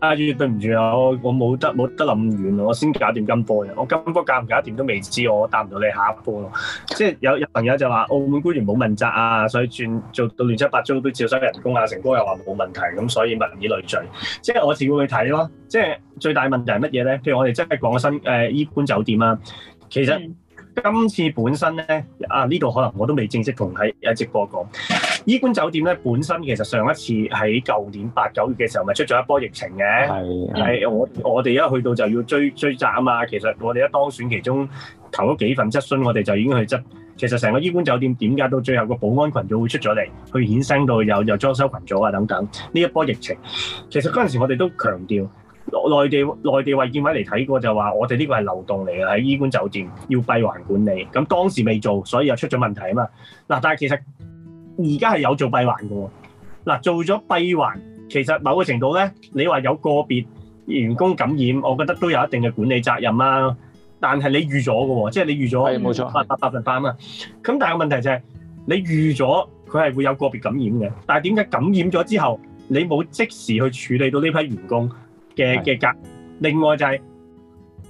S1: 阿裕，對唔住啊，啊啊對不我我冇得冇得諗咁遠，我先搞掂金科嘅，我金科搞唔搞掂都未知，我答唔到你下一波咯。即係有有朋友就話，澳門官員冇問責啊，所以轉做到亂七八糟都照收人工啊，成哥又話冇問題，咁所以物以類聚。即係我自己會睇咯。即係最大問題係乜嘢咧？譬如我哋真係講新誒依、呃、般酒店啊，其實今次本身咧，啊呢度可能我都未正式同喺一直播講。 醫觀酒店咧，本身其實上一次喺舊年八九月嘅時候，咪出咗一波疫情嘅。係的，係的我我哋一去到就要追追責啊嘛。其實我哋一當選，其中投咗幾份質詢，我哋就已經去質。其實成個醫觀酒店點解到最後個保安群組會出咗嚟，去衍生到有又裝修群組啊等等。呢一波疫情，其實嗰陣時我哋都強調內地內地衞健委嚟睇過就話，就話我哋呢個係漏洞嚟嘅。喺醫觀酒店要閉環管理。咁當時未做，所以又出咗問題啊嘛。嗱、啊，但係其實而家係有做閉環㗎喎，嗱做咗閉環，其實某個程度咧，你話有個別員工感染，我覺得都有一定嘅管理責任啦。但係你預咗㗎喎，即係你預咗冇錯，百百百分百啊嘛。咁的但係個問題就係、是、你預咗佢係會有個別感染嘅，但係點解感染咗之後你冇即時去處理到呢批員工嘅嘅隔？另外就係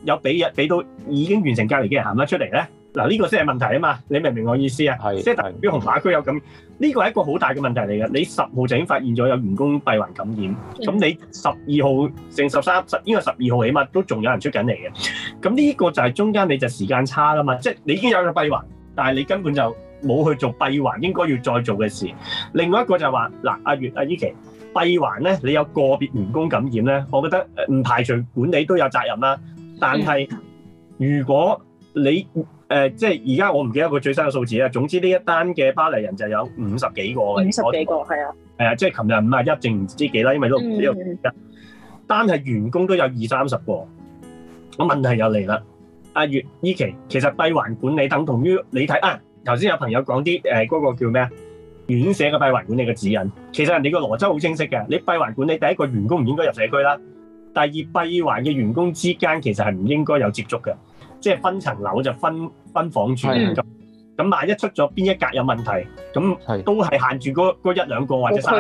S1: 有俾俾到已經完成隔離嘅人行得出嚟咧？嗱，呢個先係問題啊嘛，你明唔明白我意思啊？即係特別於紅碼區有咁呢、這個係一個好大嘅問題嚟嘅。你十號就已經發現咗有員工閉環感染，咁、嗯、你十二號剩十三十，呢個十二號起碼都仲有人出緊嚟嘅。咁呢個就係中間你就時間差啦嘛，即係你已經有咗閉環，但係你根本就冇去做閉環應該要再做嘅事。另外一個就係話嗱，阿、啊、月阿依琪閉環咧，你有個別員工感染咧，我覺得唔排除管理都有責任啦。但係如果你，誒、呃，即係而家我唔記得個最新嘅數字啦。總之呢一單嘅巴黎人就有五十幾個，五十幾個係啊，係啊、呃，即係琴日五廿一，淨唔知幾啦，因為都唔知。單係員工都有二三十個。咁問題又嚟啦，阿、啊、月依期，其實閉環管理等同於你睇啊，頭先有朋友講啲誒嗰個叫咩啊，院舍嘅閉環管理嘅指引，其實人哋個邏輯好清晰嘅。你閉環管理第一個員工唔應該入社區啦，第二閉環嘅員工之間其實係唔應該有接觸嘅。即係分層樓就分分房住咁，咁是的 萬一出咗邊一格有問題，咁都係限住嗰一兩個或者三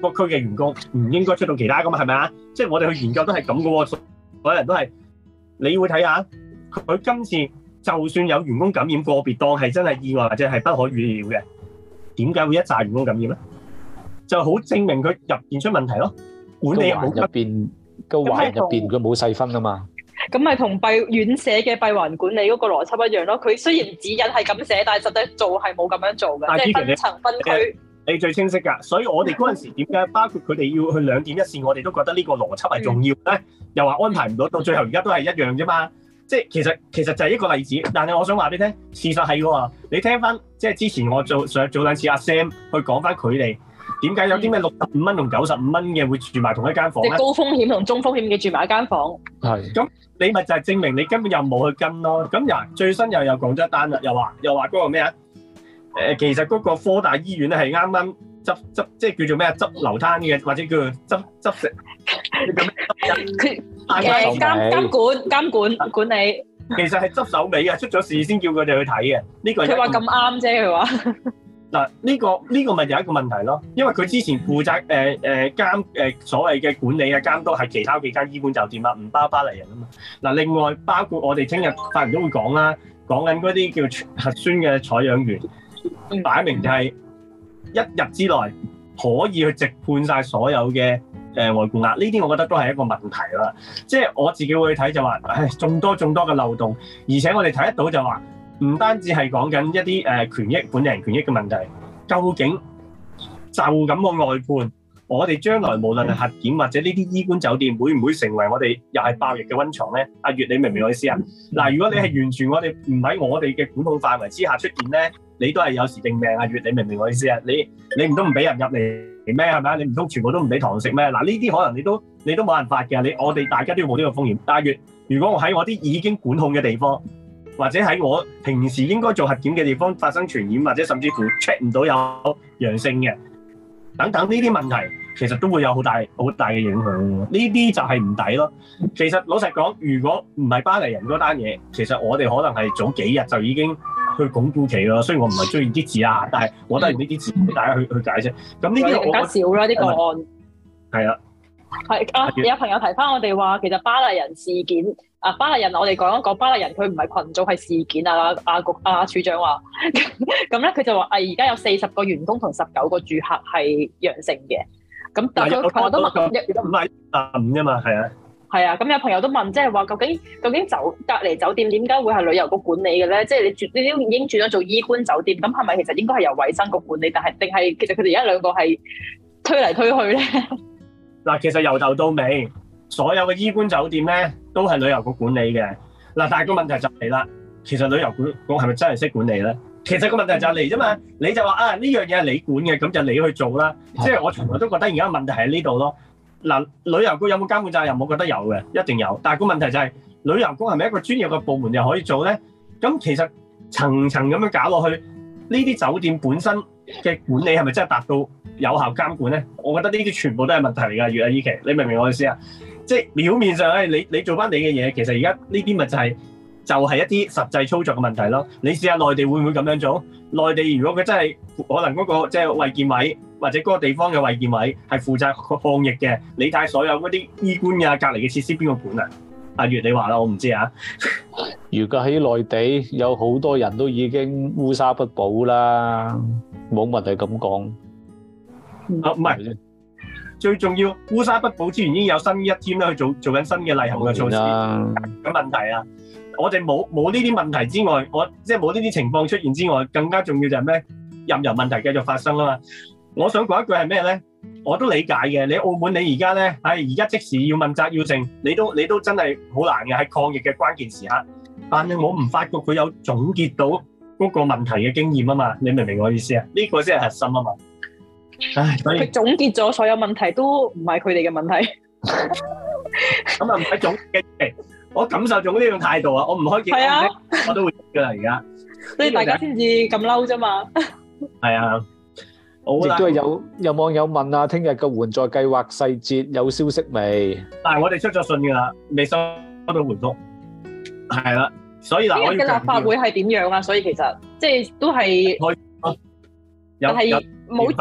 S1: 個區嘅員工，唔應該出到其他噶嘛，係咪啊？即係我哋去研究都係咁噶喎，所有人都係。你會睇下佢今次就算有員工感染，個別當係真係意外或者係不可預料嘅，點解會一紮員工感染咧？就
S3: 好證明佢入邊出問題咯。管理入邊，個環入邊佢冇細分啊嘛。
S5: 咁咪同閉遠寫嘅閉環管理嗰個邏輯一樣咯。佢雖然指引係咁寫，但係實質做係冇咁樣做嘅，但即係分層分區
S1: 你。你最清晰㗎，所以我哋嗰陣時點解包括佢哋要去兩點一線，我哋都覺得呢個邏輯係重要咧。嗯、又話安排唔到，到最後而家都係一樣啫嘛。即其實其實就係一個例子，但係我想話俾你聽，事實係喎。你聽翻即係之前我做上做兩次阿 Sam 去講翻佢哋。點解有啲咩六十五蚊同九十五蚊嘅會住埋同一間房即係高
S5: 風險同中風險嘅住埋一間房。
S1: 係咁，啊，你咪就係證明你根本又冇去跟咯。咁又最新又講咗一單啦，又話又話嗰個咩啊？誒，其實嗰個科大醫院咧係啱啱執執即係叫做咩啊？執流灘嘅，或者叫做執執
S5: 食。佢監監管監管管理。其
S1: 實係執手尾啊，出咗事先叫佢哋去睇嘅呢個。你話咁
S5: 啱啫，佢話。
S1: 嗱，呢、這個呢、這個咪就係一個問題咯，因為佢之前負責誒誒監誒所謂嘅管理啊、監督係其他幾間醫觀酒店啊，唔包巴黎人啊嘛。嗱，另外包括我哋聽日發言都會講啦，講緊嗰啲叫核酸嘅採樣員，擺明就係一日之內可以去直判晒所有嘅誒、呃、外僱額，呢啲我覺得都係一個問題啦。即係我自己會睇就話、是，唉、哎，眾多眾多嘅漏洞，而且我哋睇得到就話、是。唔單止係講緊一啲誒權益本人權益嘅問題，究竟就咁個外判，我哋將來無論係核檢或者呢啲醫觀酒店，會唔會成為我哋又係爆疫嘅溫床咧？阿月，你明唔明我意思啊？嗱，如果你係完全我哋唔喺我哋嘅管控範圍之下出現咧，你都係有時定命。阿月，你明唔明我意思啊？你你唔通唔俾人入嚟咩？係咪？你唔通全部都唔俾堂食咩？嗱，呢啲可能你都你都冇辦法嘅。你我哋大家都要冇呢個風險。但、啊、月，如果我喺我啲已經管控嘅地方。或者喺我平時應該做核檢嘅地方發生傳染，或者甚至乎 check 唔到有陽性嘅，等等呢啲問題，其實都會有好大好大嘅影響咯。呢啲就係唔抵咯。其實老實講，如果唔係巴黎人嗰單嘢，其實我哋可能係早幾日就已經去鞏固期咯。雖然我唔係中意啲字啊，嗯、但係我都用呢啲字畀大家去去解釋。咁呢啲更加少啦呢個案。係啊，係啊，啊啊有
S5: 朋友提翻我哋話，其實巴黎人事件。啊！巴黎人，我哋講一講巴黎人，佢唔係群組，係事件啊！阿局、阿處長話咁咧，佢就話：啊，而、啊、家有四十個員工同十九個住客係陽性嘅。咁但係我都問：一唔
S1: 係廿五啫嘛？係啊，
S5: 係啊。咁、嗯、有朋友都問，即係話究竟究竟酒隔離酒店點解會係旅遊局管理嘅咧？即、就、係、是、你住你都已經轉咗做醫觀酒店，咁係咪其實應該係由衞生局管理？但係定係其實佢哋而家兩個係推嚟推去咧？
S1: 嗱，其實由頭到尾。所有嘅醫觀酒店咧，都係旅遊局管理嘅。嗱，但係個問題就係啦，其實旅遊局，我係咪真係識管理咧？其實個問題就係嚟啫嘛。你就話啊，呢樣嘢係你管嘅，咁就你去做啦。即係的我從來都覺得而家問題喺呢度咯。嗱、呃，旅遊局有冇監管責任？我覺得有嘅，一定有。但係個問題就係、是，旅遊局係咪一個專業嘅部門就可以做咧？咁其實層層咁樣搞落去，呢啲酒店本身嘅管理係咪真係達到有效監管咧？我覺得呢啲全部都係問題嚟㗎。如阿依琪，你明唔明我意思啊？即係表面上，誒，你你做翻你嘅嘢，其實而家呢啲咪就係就係一啲實際操作嘅問題咯。你試下內地會唔會咁樣做？內地如果佢真係可能嗰個即係衞健委或者嗰個地方嘅衞健委係負責抗疫嘅，你睇所有嗰啲醫官啊、隔離嘅設施邊個管啊？阿月你話啦，我唔知啊。
S3: 如果喺內地有好多人都已經烏紗不保啦，冇問題咁講。啊，唔
S1: 係。最重要，烏紗不保之前已經有新一天啦，去做做緊新嘅例行嘅措施。咁問題啊， 我哋冇冇呢啲問題之外，我即係冇呢啲情況出現之外，更加重要就係咩？任由問題繼續發生啊嘛！我想講一句係咩咧？我都理解嘅。你在澳門你而家咧，唉、哎，而家即時要問責要政，你都你都真係好難嘅，喺抗疫嘅關鍵時刻。但係我唔發覺佢有總結到嗰個問題嘅經驗啊嘛。你明唔明我意思啊？呢、這個先係核心啊嘛。唉，佢
S5: 總結咗所有問題都唔係佢哋嘅問題，咁啊唔使總結，
S3: 我感受咗呢種態度啊，我唔開鏡，係啊，我都會噶啦，而家
S5: 所以大家先至咁嬲啫嘛，
S3: 係啊，我亦都係有有網友問啊，聽日嘅援助計劃細節有消息未？
S1: 但係我哋出咗信噶啦，未收到回覆，
S3: 係啦，所以嗱，我嘅立法
S5: 會係點樣啊？所以其實即係都係，
S1: 但係冇。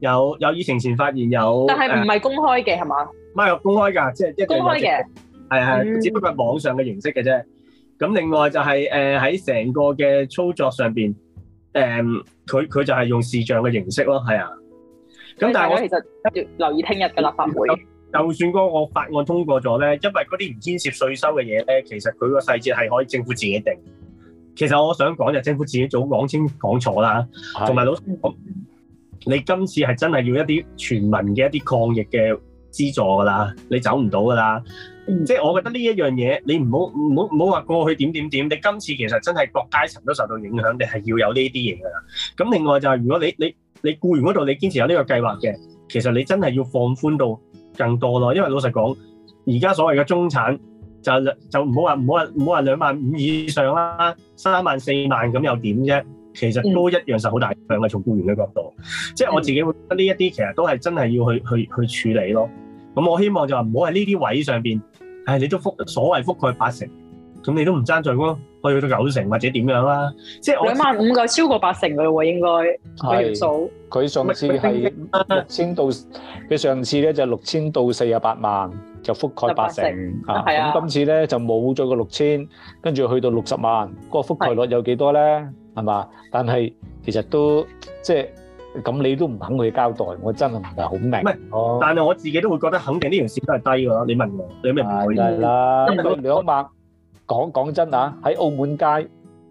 S1: 有有疫情前，前發現有，但係唔係
S5: 公開嘅係
S1: 嘛？唔係、呃、公開噶，即係即係公開嘅，係係，只不過係網上嘅形式嘅啫。咁另外就係誒喺成個嘅操作上邊，誒佢佢就係用視像嘅形式咯，係啊。咁但係我其實要留意聽日嘅立法會。就算嗰個法案通過咗咧，因為嗰啲唔牽涉稅收嘅嘢咧，其實佢個細節係可以政府自己定的。其實我想講就政府自己早講清講楚啦，同埋的老你今次係真係要一啲全民嘅一啲抗疫嘅資助㗎啦，你走唔到㗎啦。即係我覺得呢一樣嘢，你唔好唔好唔好話過去點點點。你今次其實真係各階層都受到影響，你係要有呢啲嘢㗎啦。咁另外就係如果你你你僱員嗰度你堅持有呢個計劃嘅，其實你真係要放寬到更多咯。因為老實講，而家所謂嘅中產就就唔好話唔好話唔好話兩萬五以上啦，三萬四萬咁又點啫？其實都一樣受好大影響嘅，從僱員嘅角度，嗯、即係我自己會覺得呢一啲其實都係真係要去、嗯、去去，去處理咯。咁我希望就話唔好喺呢啲位上邊，唉、哎，你都覆所謂覆蓋八成，咁你都唔爭在喎，去到九成或者點樣啦、啊。即係兩萬
S5: 五夠超過八成嘅咯喎，應該。係。
S3: 佢上次係六千到，佢上次咧就六千到四十八萬就覆蓋八成，八成啊。咁今是、啊、次咧就冇咗個六千，跟住去到六十萬，個覆蓋率有幾多咧？係嘛？但係其實都即係咁，你都唔肯去交代，我真係唔係好明。唔係哦，但係我自己都會覺得肯定呢件事都係低㗎咯。你問我，你明唔明？係啦，兩萬講講真啊，喺澳門街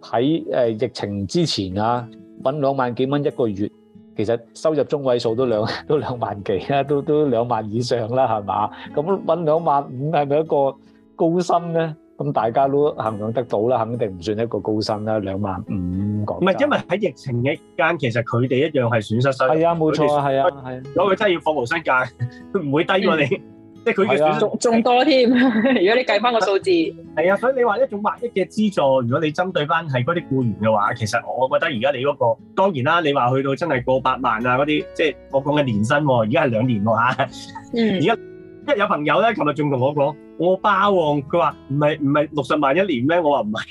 S3: 喺誒疫情之前啊，揾兩萬幾蚊一個月，其實收入中位數都兩都兩萬幾啦，都都兩萬以上啦，係嘛？咁揾兩萬五係咪一個高薪咧？咁大家都幸運得到啦，肯定唔算一個高薪啦，兩萬五講。唔係，因為喺疫情嘅
S1: 間，其實佢哋一樣係損失曬。係啊，冇錯，係啊，係啊，我哋真係要放無薪假，佢唔會低過你。即係佢嘅損失
S5: 仲、啊、多添。如果你計翻
S1: 個數字，係 啊，所以你話一種萬億嘅資助，如果你針對翻係嗰啲僱員嘅話，其實我覺得而家你嗰、個當然啦，你話去到真係過百萬啊嗰啲，即係、即係、我講嘅年薪，而家係兩年喎。而家即係有朋友咧，琴日仲同我講。我巴旺，佢話唔係唔係六十萬一年咩？我話唔係，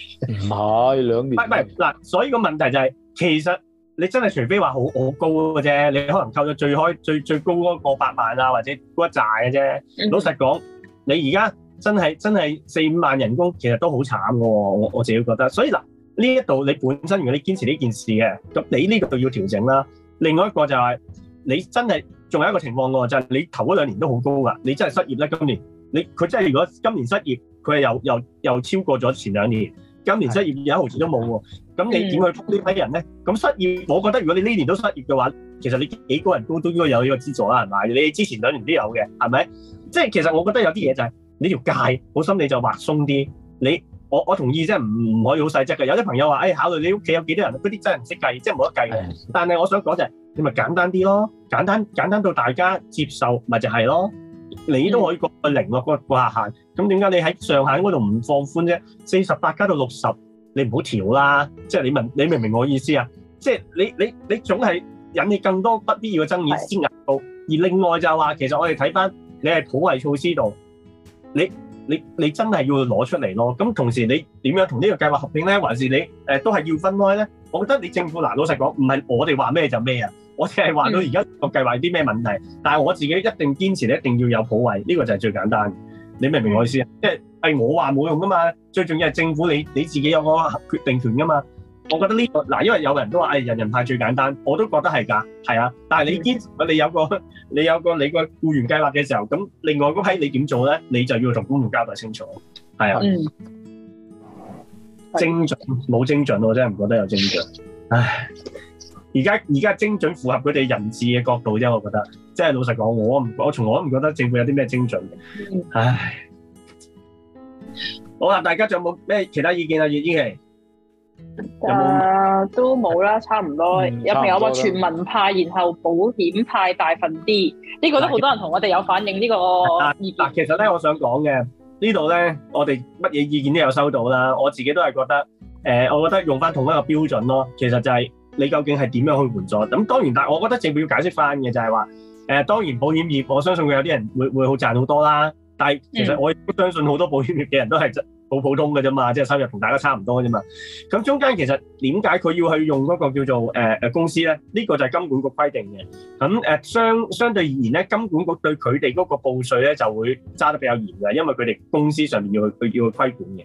S3: 唔係兩年。
S1: 唔係嗱，所以個問題就係、是、其實你真係除非話好好高嘅啫，你可能扣到最開最最高嗰個百萬啊，或者嗰一紮嘅啫。 老實講，你而家真係真係四五萬人工，其實都好慘嘅。我我自己覺得，所以嗱，呢一度你本身如果你堅持呢件事嘅，咁你呢度就要調整啦。另外一個就係、是、你真係仲有一個情況喎，就係、是、你頭嗰兩年都好高噶，你真係失業咧今年。你佢真係如果今年失業，佢係又又又超過咗前兩年。今年失業有一毫錢都冇喎，咁的你點去幫呢批人咧？咁、嗯、失業，我覺得如果你呢年都失業嘅話，其實你幾高人工都都應該有呢個資助啦，係咪？你之前兩年都有嘅，係咪？即、就、係、是、其實我覺得有啲嘢就係、是、你條界好心你就滑鬆啲。你我我同意不，即係唔可以好細則嘅。有啲朋友話，誒、哎、考慮你屋企有幾多人？嗰啲真係唔識計，即係冇得計。的但係我想講就係、是，你咪簡單啲咯，簡單簡單到大家接受，咪就係咯。你都可以過零喎、啊，過下限。咁點解你喺上限嗰度唔放寬啫？四十八加到六十，就是、你唔好調啦。即係你明，你明唔明我意思啊？即、就、係、是、你你你總係引起更多不必要嘅爭議先啱到。的而另外就係話，其實我哋睇翻你係普惠措施度，你你你真係要攞出嚟咯。咁同時你點樣同呢個計劃合併咧？還、呃、是你誒都係要分開咧？我覺得你政府嗱，老實講，唔係我哋話咩就咩啊。我淨係話到而家個計劃有啲咩問題，但係我自己一定堅持你一定要有普惠，呢個就係最簡單。你明唔明我意思啊？即係係我話冇用噶嘛，最重要係政府你你自己有個決定權噶嘛。我覺得呢個嗱，因為有人都話人人派最簡單，我都覺得係㗎，係啊。但係你堅持你有個你有個你個雇員計劃嘅時候，咁另外嗰批你點做咧？你就要同公眾交代清楚，係啊，嗯、精準冇精準，我真係唔覺得有精準，唉。而家而家精準符合佢哋人治嘅角度啫，我覺得，即係老實講，我唔我從來都唔覺得政府有啲咩精準。嗯、唉，好啊，大家仲有冇咩其他意見啊？葉之琪，
S5: 都冇啦，差唔多。嗯、多有朋友話全民派，然後保險派大份啲，呢、呢個都好多人同我哋有反應呢、呢個嗱、
S1: 啊，其實咧，我想講嘅呢度咧，我哋乜嘢意見都有收到啦。我自己都係覺得，誒、呃，我覺得用返同一個標準咯，其實就係、係。你究竟係點樣去以援助？咁當然，但我覺得政府要解釋返嘅就係話，呃，當然保險業，我相信佢有啲人會會好賺好多啦。但係其實我也相信好多保險業嘅人都係真。好普通嘅啫嘛，即係收入同大家差唔多啫嘛。咁中間其實點解佢要去用嗰個叫做誒誒、呃、公司咧？呢、這個就係金管局規定嘅。咁誒、呃、相相對而言咧，金管局對佢哋嗰個報稅咧就會揸得比較嚴嘅，因為佢哋公司上面要，要去去要去規管嘅。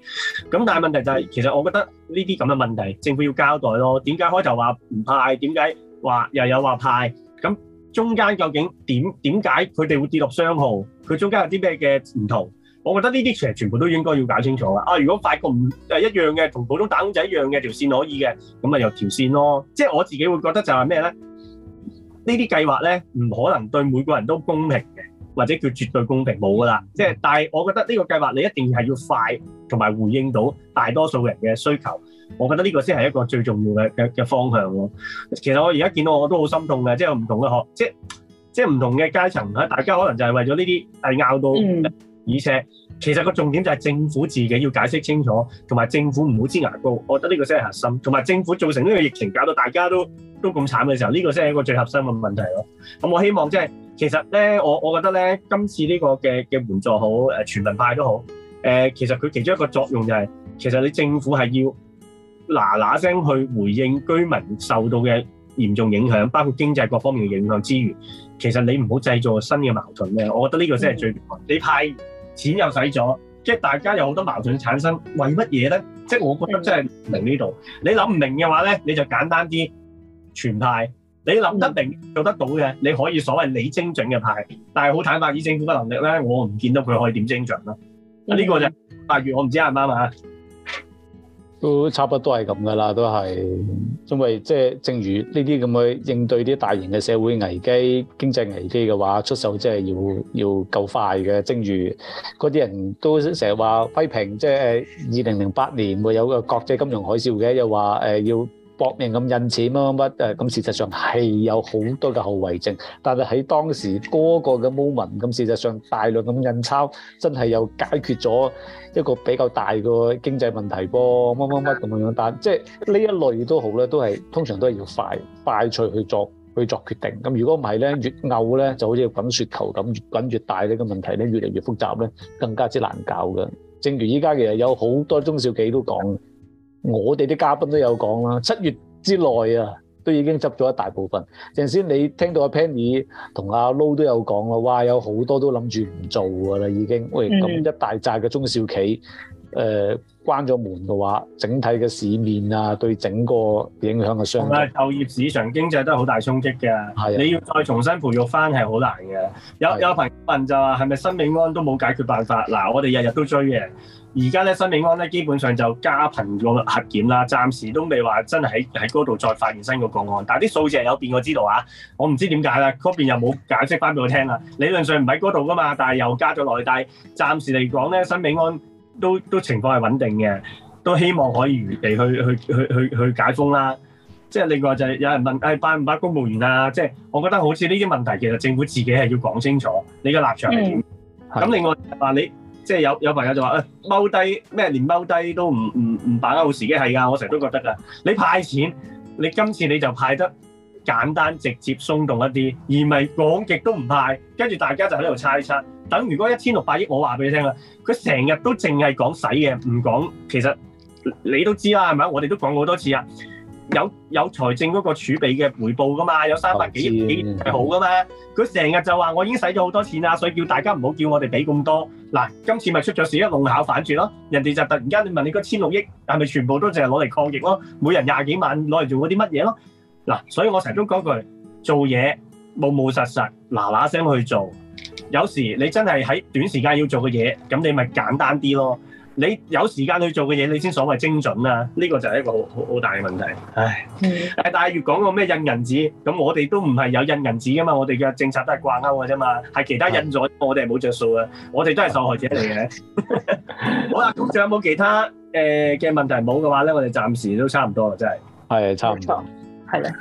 S1: 咁但係問題就係、是，其實我覺得呢啲咁嘅問題，政府要交代咯。點解開頭話唔派？點解話又有話派？咁中間究竟點點解佢哋會跌落商號？佢中間有啲咩嘅唔同？我覺得呢啲其實全部都應該要搞清楚嘅、啊。啊，如果發覺唔誒一樣嘅，同普通打工仔一樣嘅條線可以嘅，咁咪有條線咯。即係我自己會覺得就係咩咧？呢啲計劃咧唔可能對每個人都公平嘅，或者叫絕對公平冇噶啦。即係但係我覺得呢個計劃你一定係要快同埋回應到大多數人嘅需求。我覺得呢個先係一個最重要嘅嘅嘅方向咯。其實我而家見到我都好心痛嘅，即係唔同嘅學，即即係唔同嘅階層大家可能就係為咗呢啲係拗到。嗯而且其實個重點就係政府自己要解釋清楚，同埋政府唔好擠牙膏，我覺得呢個先係核心。同埋政府造成呢個疫情，搞到大家都都咁慘嘅時候，呢、這個先係一個最核心嘅問題咯。咁我希望即、就、係、是、其實咧，我我覺得咧，今次呢個嘅嘅援助好誒，全民派都好誒、呃，其實佢其中一個作用就係、是、其實你政府係要嗱嗱聲去回應居民受到嘅嚴重影響，包括經濟各方面嘅影響之餘，其實你唔好製造新嘅矛盾咧。我覺得呢個先係最、嗯、你派。錢又使咗，即係大家有好多矛盾產生，為乜嘢咧？即係我覺得即係明呢度，你諗唔明嘅話咧，你就簡單啲全派。你諗得明做得到嘅，你可以所謂你精準嘅派。但係好坦白，以政府嘅能力咧，我唔見到佢可以點精準啦。呢、嗯、個就八月，我唔知啱唔啱啊。
S3: 都差不多係咁噶啦，都係，因為即係正如呢啲咁嘅應對啲大型嘅社會危機、經濟危機嘅話，出手即係要要夠快嘅。正如嗰啲人都成日話批評，即係誒二零零八年會有個國際金融海嘯嘅，又話誒要。搏命咁印錢乜乜乜誒咁，事實上係有好多嘅後遺症。但係喺當時嗰個嘅 moment，咁事實上大量咁印鈔，真係又解決咗一個比較大嘅經濟問題噃乜乜乜咁樣樣。但即係呢一類都好咧，都係通常都係要快快脆去做去做決定。咁如果唔係咧，越拗咧就好似滾雪球咁，越滾越大呢個問題咧越嚟越複雜咧，更加之難搞嘅。正如依家其實有好多中小企都講。我哋啲嘉賓都有講啦，七月之內啊，都已經執咗一大部分。陣先你聽到阿 Penny 同阿 Lo 都有講啦，話有好多都諗住唔做噶啦，已經。喂，咁一大扎嘅中小企，誒、呃、關咗門嘅話，整體嘅市面啊，對整個影響嘅傷。誒，
S1: 就業市場經濟都係好大衝擊嘅。
S3: 係的。你要再重新培育翻係好難
S1: 嘅。有的有朋友問就話，係咪新命安都冇解決辦法？嗱、啊，我哋日日都追嘅。而家咧新美安咧基本上就加頻個核檢啦，暫時都未話真係喺喺嗰度再發現新個個案，但係啲數字係有變我知道啊，我唔知點解啦，嗰邊又冇解釋翻俾我聽啦。理論上唔喺嗰度噶嘛，但係又加咗內帶，暫時嚟講咧新美安都都情況係穩定嘅，都希望可以如期去去去去去解封啦。即係另外就係、是、有人問係、啊、辦唔辦公務員啊？即、就、係、是、我覺得好似呢啲問題其實政府自己係要講清楚，你嘅立場係點？咁、mm hmm. 另外嗱你。即係有有朋友就話，誒踎低咩，連踎低都唔唔唔把握好時機係㗎，我成日都覺得㗎。你派錢，你今次你就派得簡單直接鬆動一啲，而唔係講極都唔派，跟住大家就喺度猜測。等如果一千六百億，我話俾你聽啦，佢成日都淨係講使嘅，唔講其實你都知啦，係咪？我哋都講過好多次啊。有有財政嗰個儲備嘅回報㗎嘛？有三百幾億係好㗎嘛？佢成日就話我已經使咗好多錢啦，所以叫大家唔好叫我哋俾咁多。嗱，今次咪出咗事了，一弄巧反拙咯。人哋就突然間你問你嗰千六億係咪全部都淨係攞嚟抗疫咯？每人廿幾萬攞嚟做過啲乜嘢咯？嗱，所以我成日都講句做嘢務務實實，嗱嗱聲去做。有時你真係喺短時間要做嘅嘢，咁你咪簡單啲咯。你有時間去做嘅嘢，你先所謂精準啦、啊。呢、呢個就係一個好好大嘅問題。唉，嗯、但係越講個咩印銀紙，咁我哋都唔係有印銀紙噶嘛。我哋嘅政策都係掛鈎嘅啫嘛，係其他印咗是，我哋係冇着數嘅。我哋都係受害者嚟嘅。 好啦，咁仲有冇其他誒嘅問題？冇嘅話咧，我哋暫時都差唔多啦，真係。係差唔多。係啦。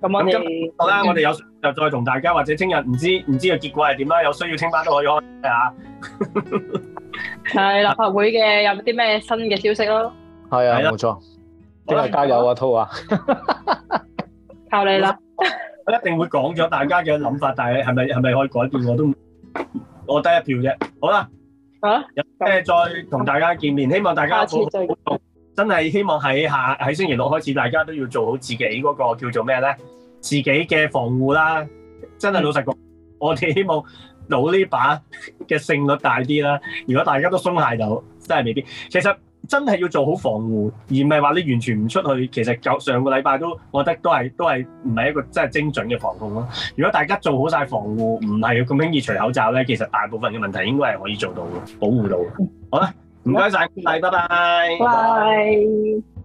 S5: 咁我今好啦，嗯、我哋
S1: 有就再同大家或者聽日，唔知唔知嘅結果係點啦？有
S3: 需要清翻都可以
S1: 開下。
S5: 係
S3: 立法會嘅有啲咩新嘅消息咯？係啊，冇錯，都係加油啊，濤啊，
S5: 靠你啦！
S1: 我一定會講咗大家嘅諗法，但係係咪係咪可以改變，我都攞得一票啫。好啦，啊，有咩再同大家見面？希望大家好好，真係希望喺下喺星期六開始，大家都要做好自己嗰個叫做咩咧？自己嘅防護啦，真係老實講，我哋希望。到呢把嘅勝率大啲啦。如果大家都鬆懈就真係未必。其實真係要做好防護，而唔係話你完全唔出去。其實就上個禮拜都，我覺得都係都係唔係一個真係精準嘅防控咯。如果大家做好晒防護，唔係咁輕易除口罩呢，其實大部分嘅問題應該係可以做到嘅保護到。好啦，唔該晒。
S5: 拜拜，拜拜。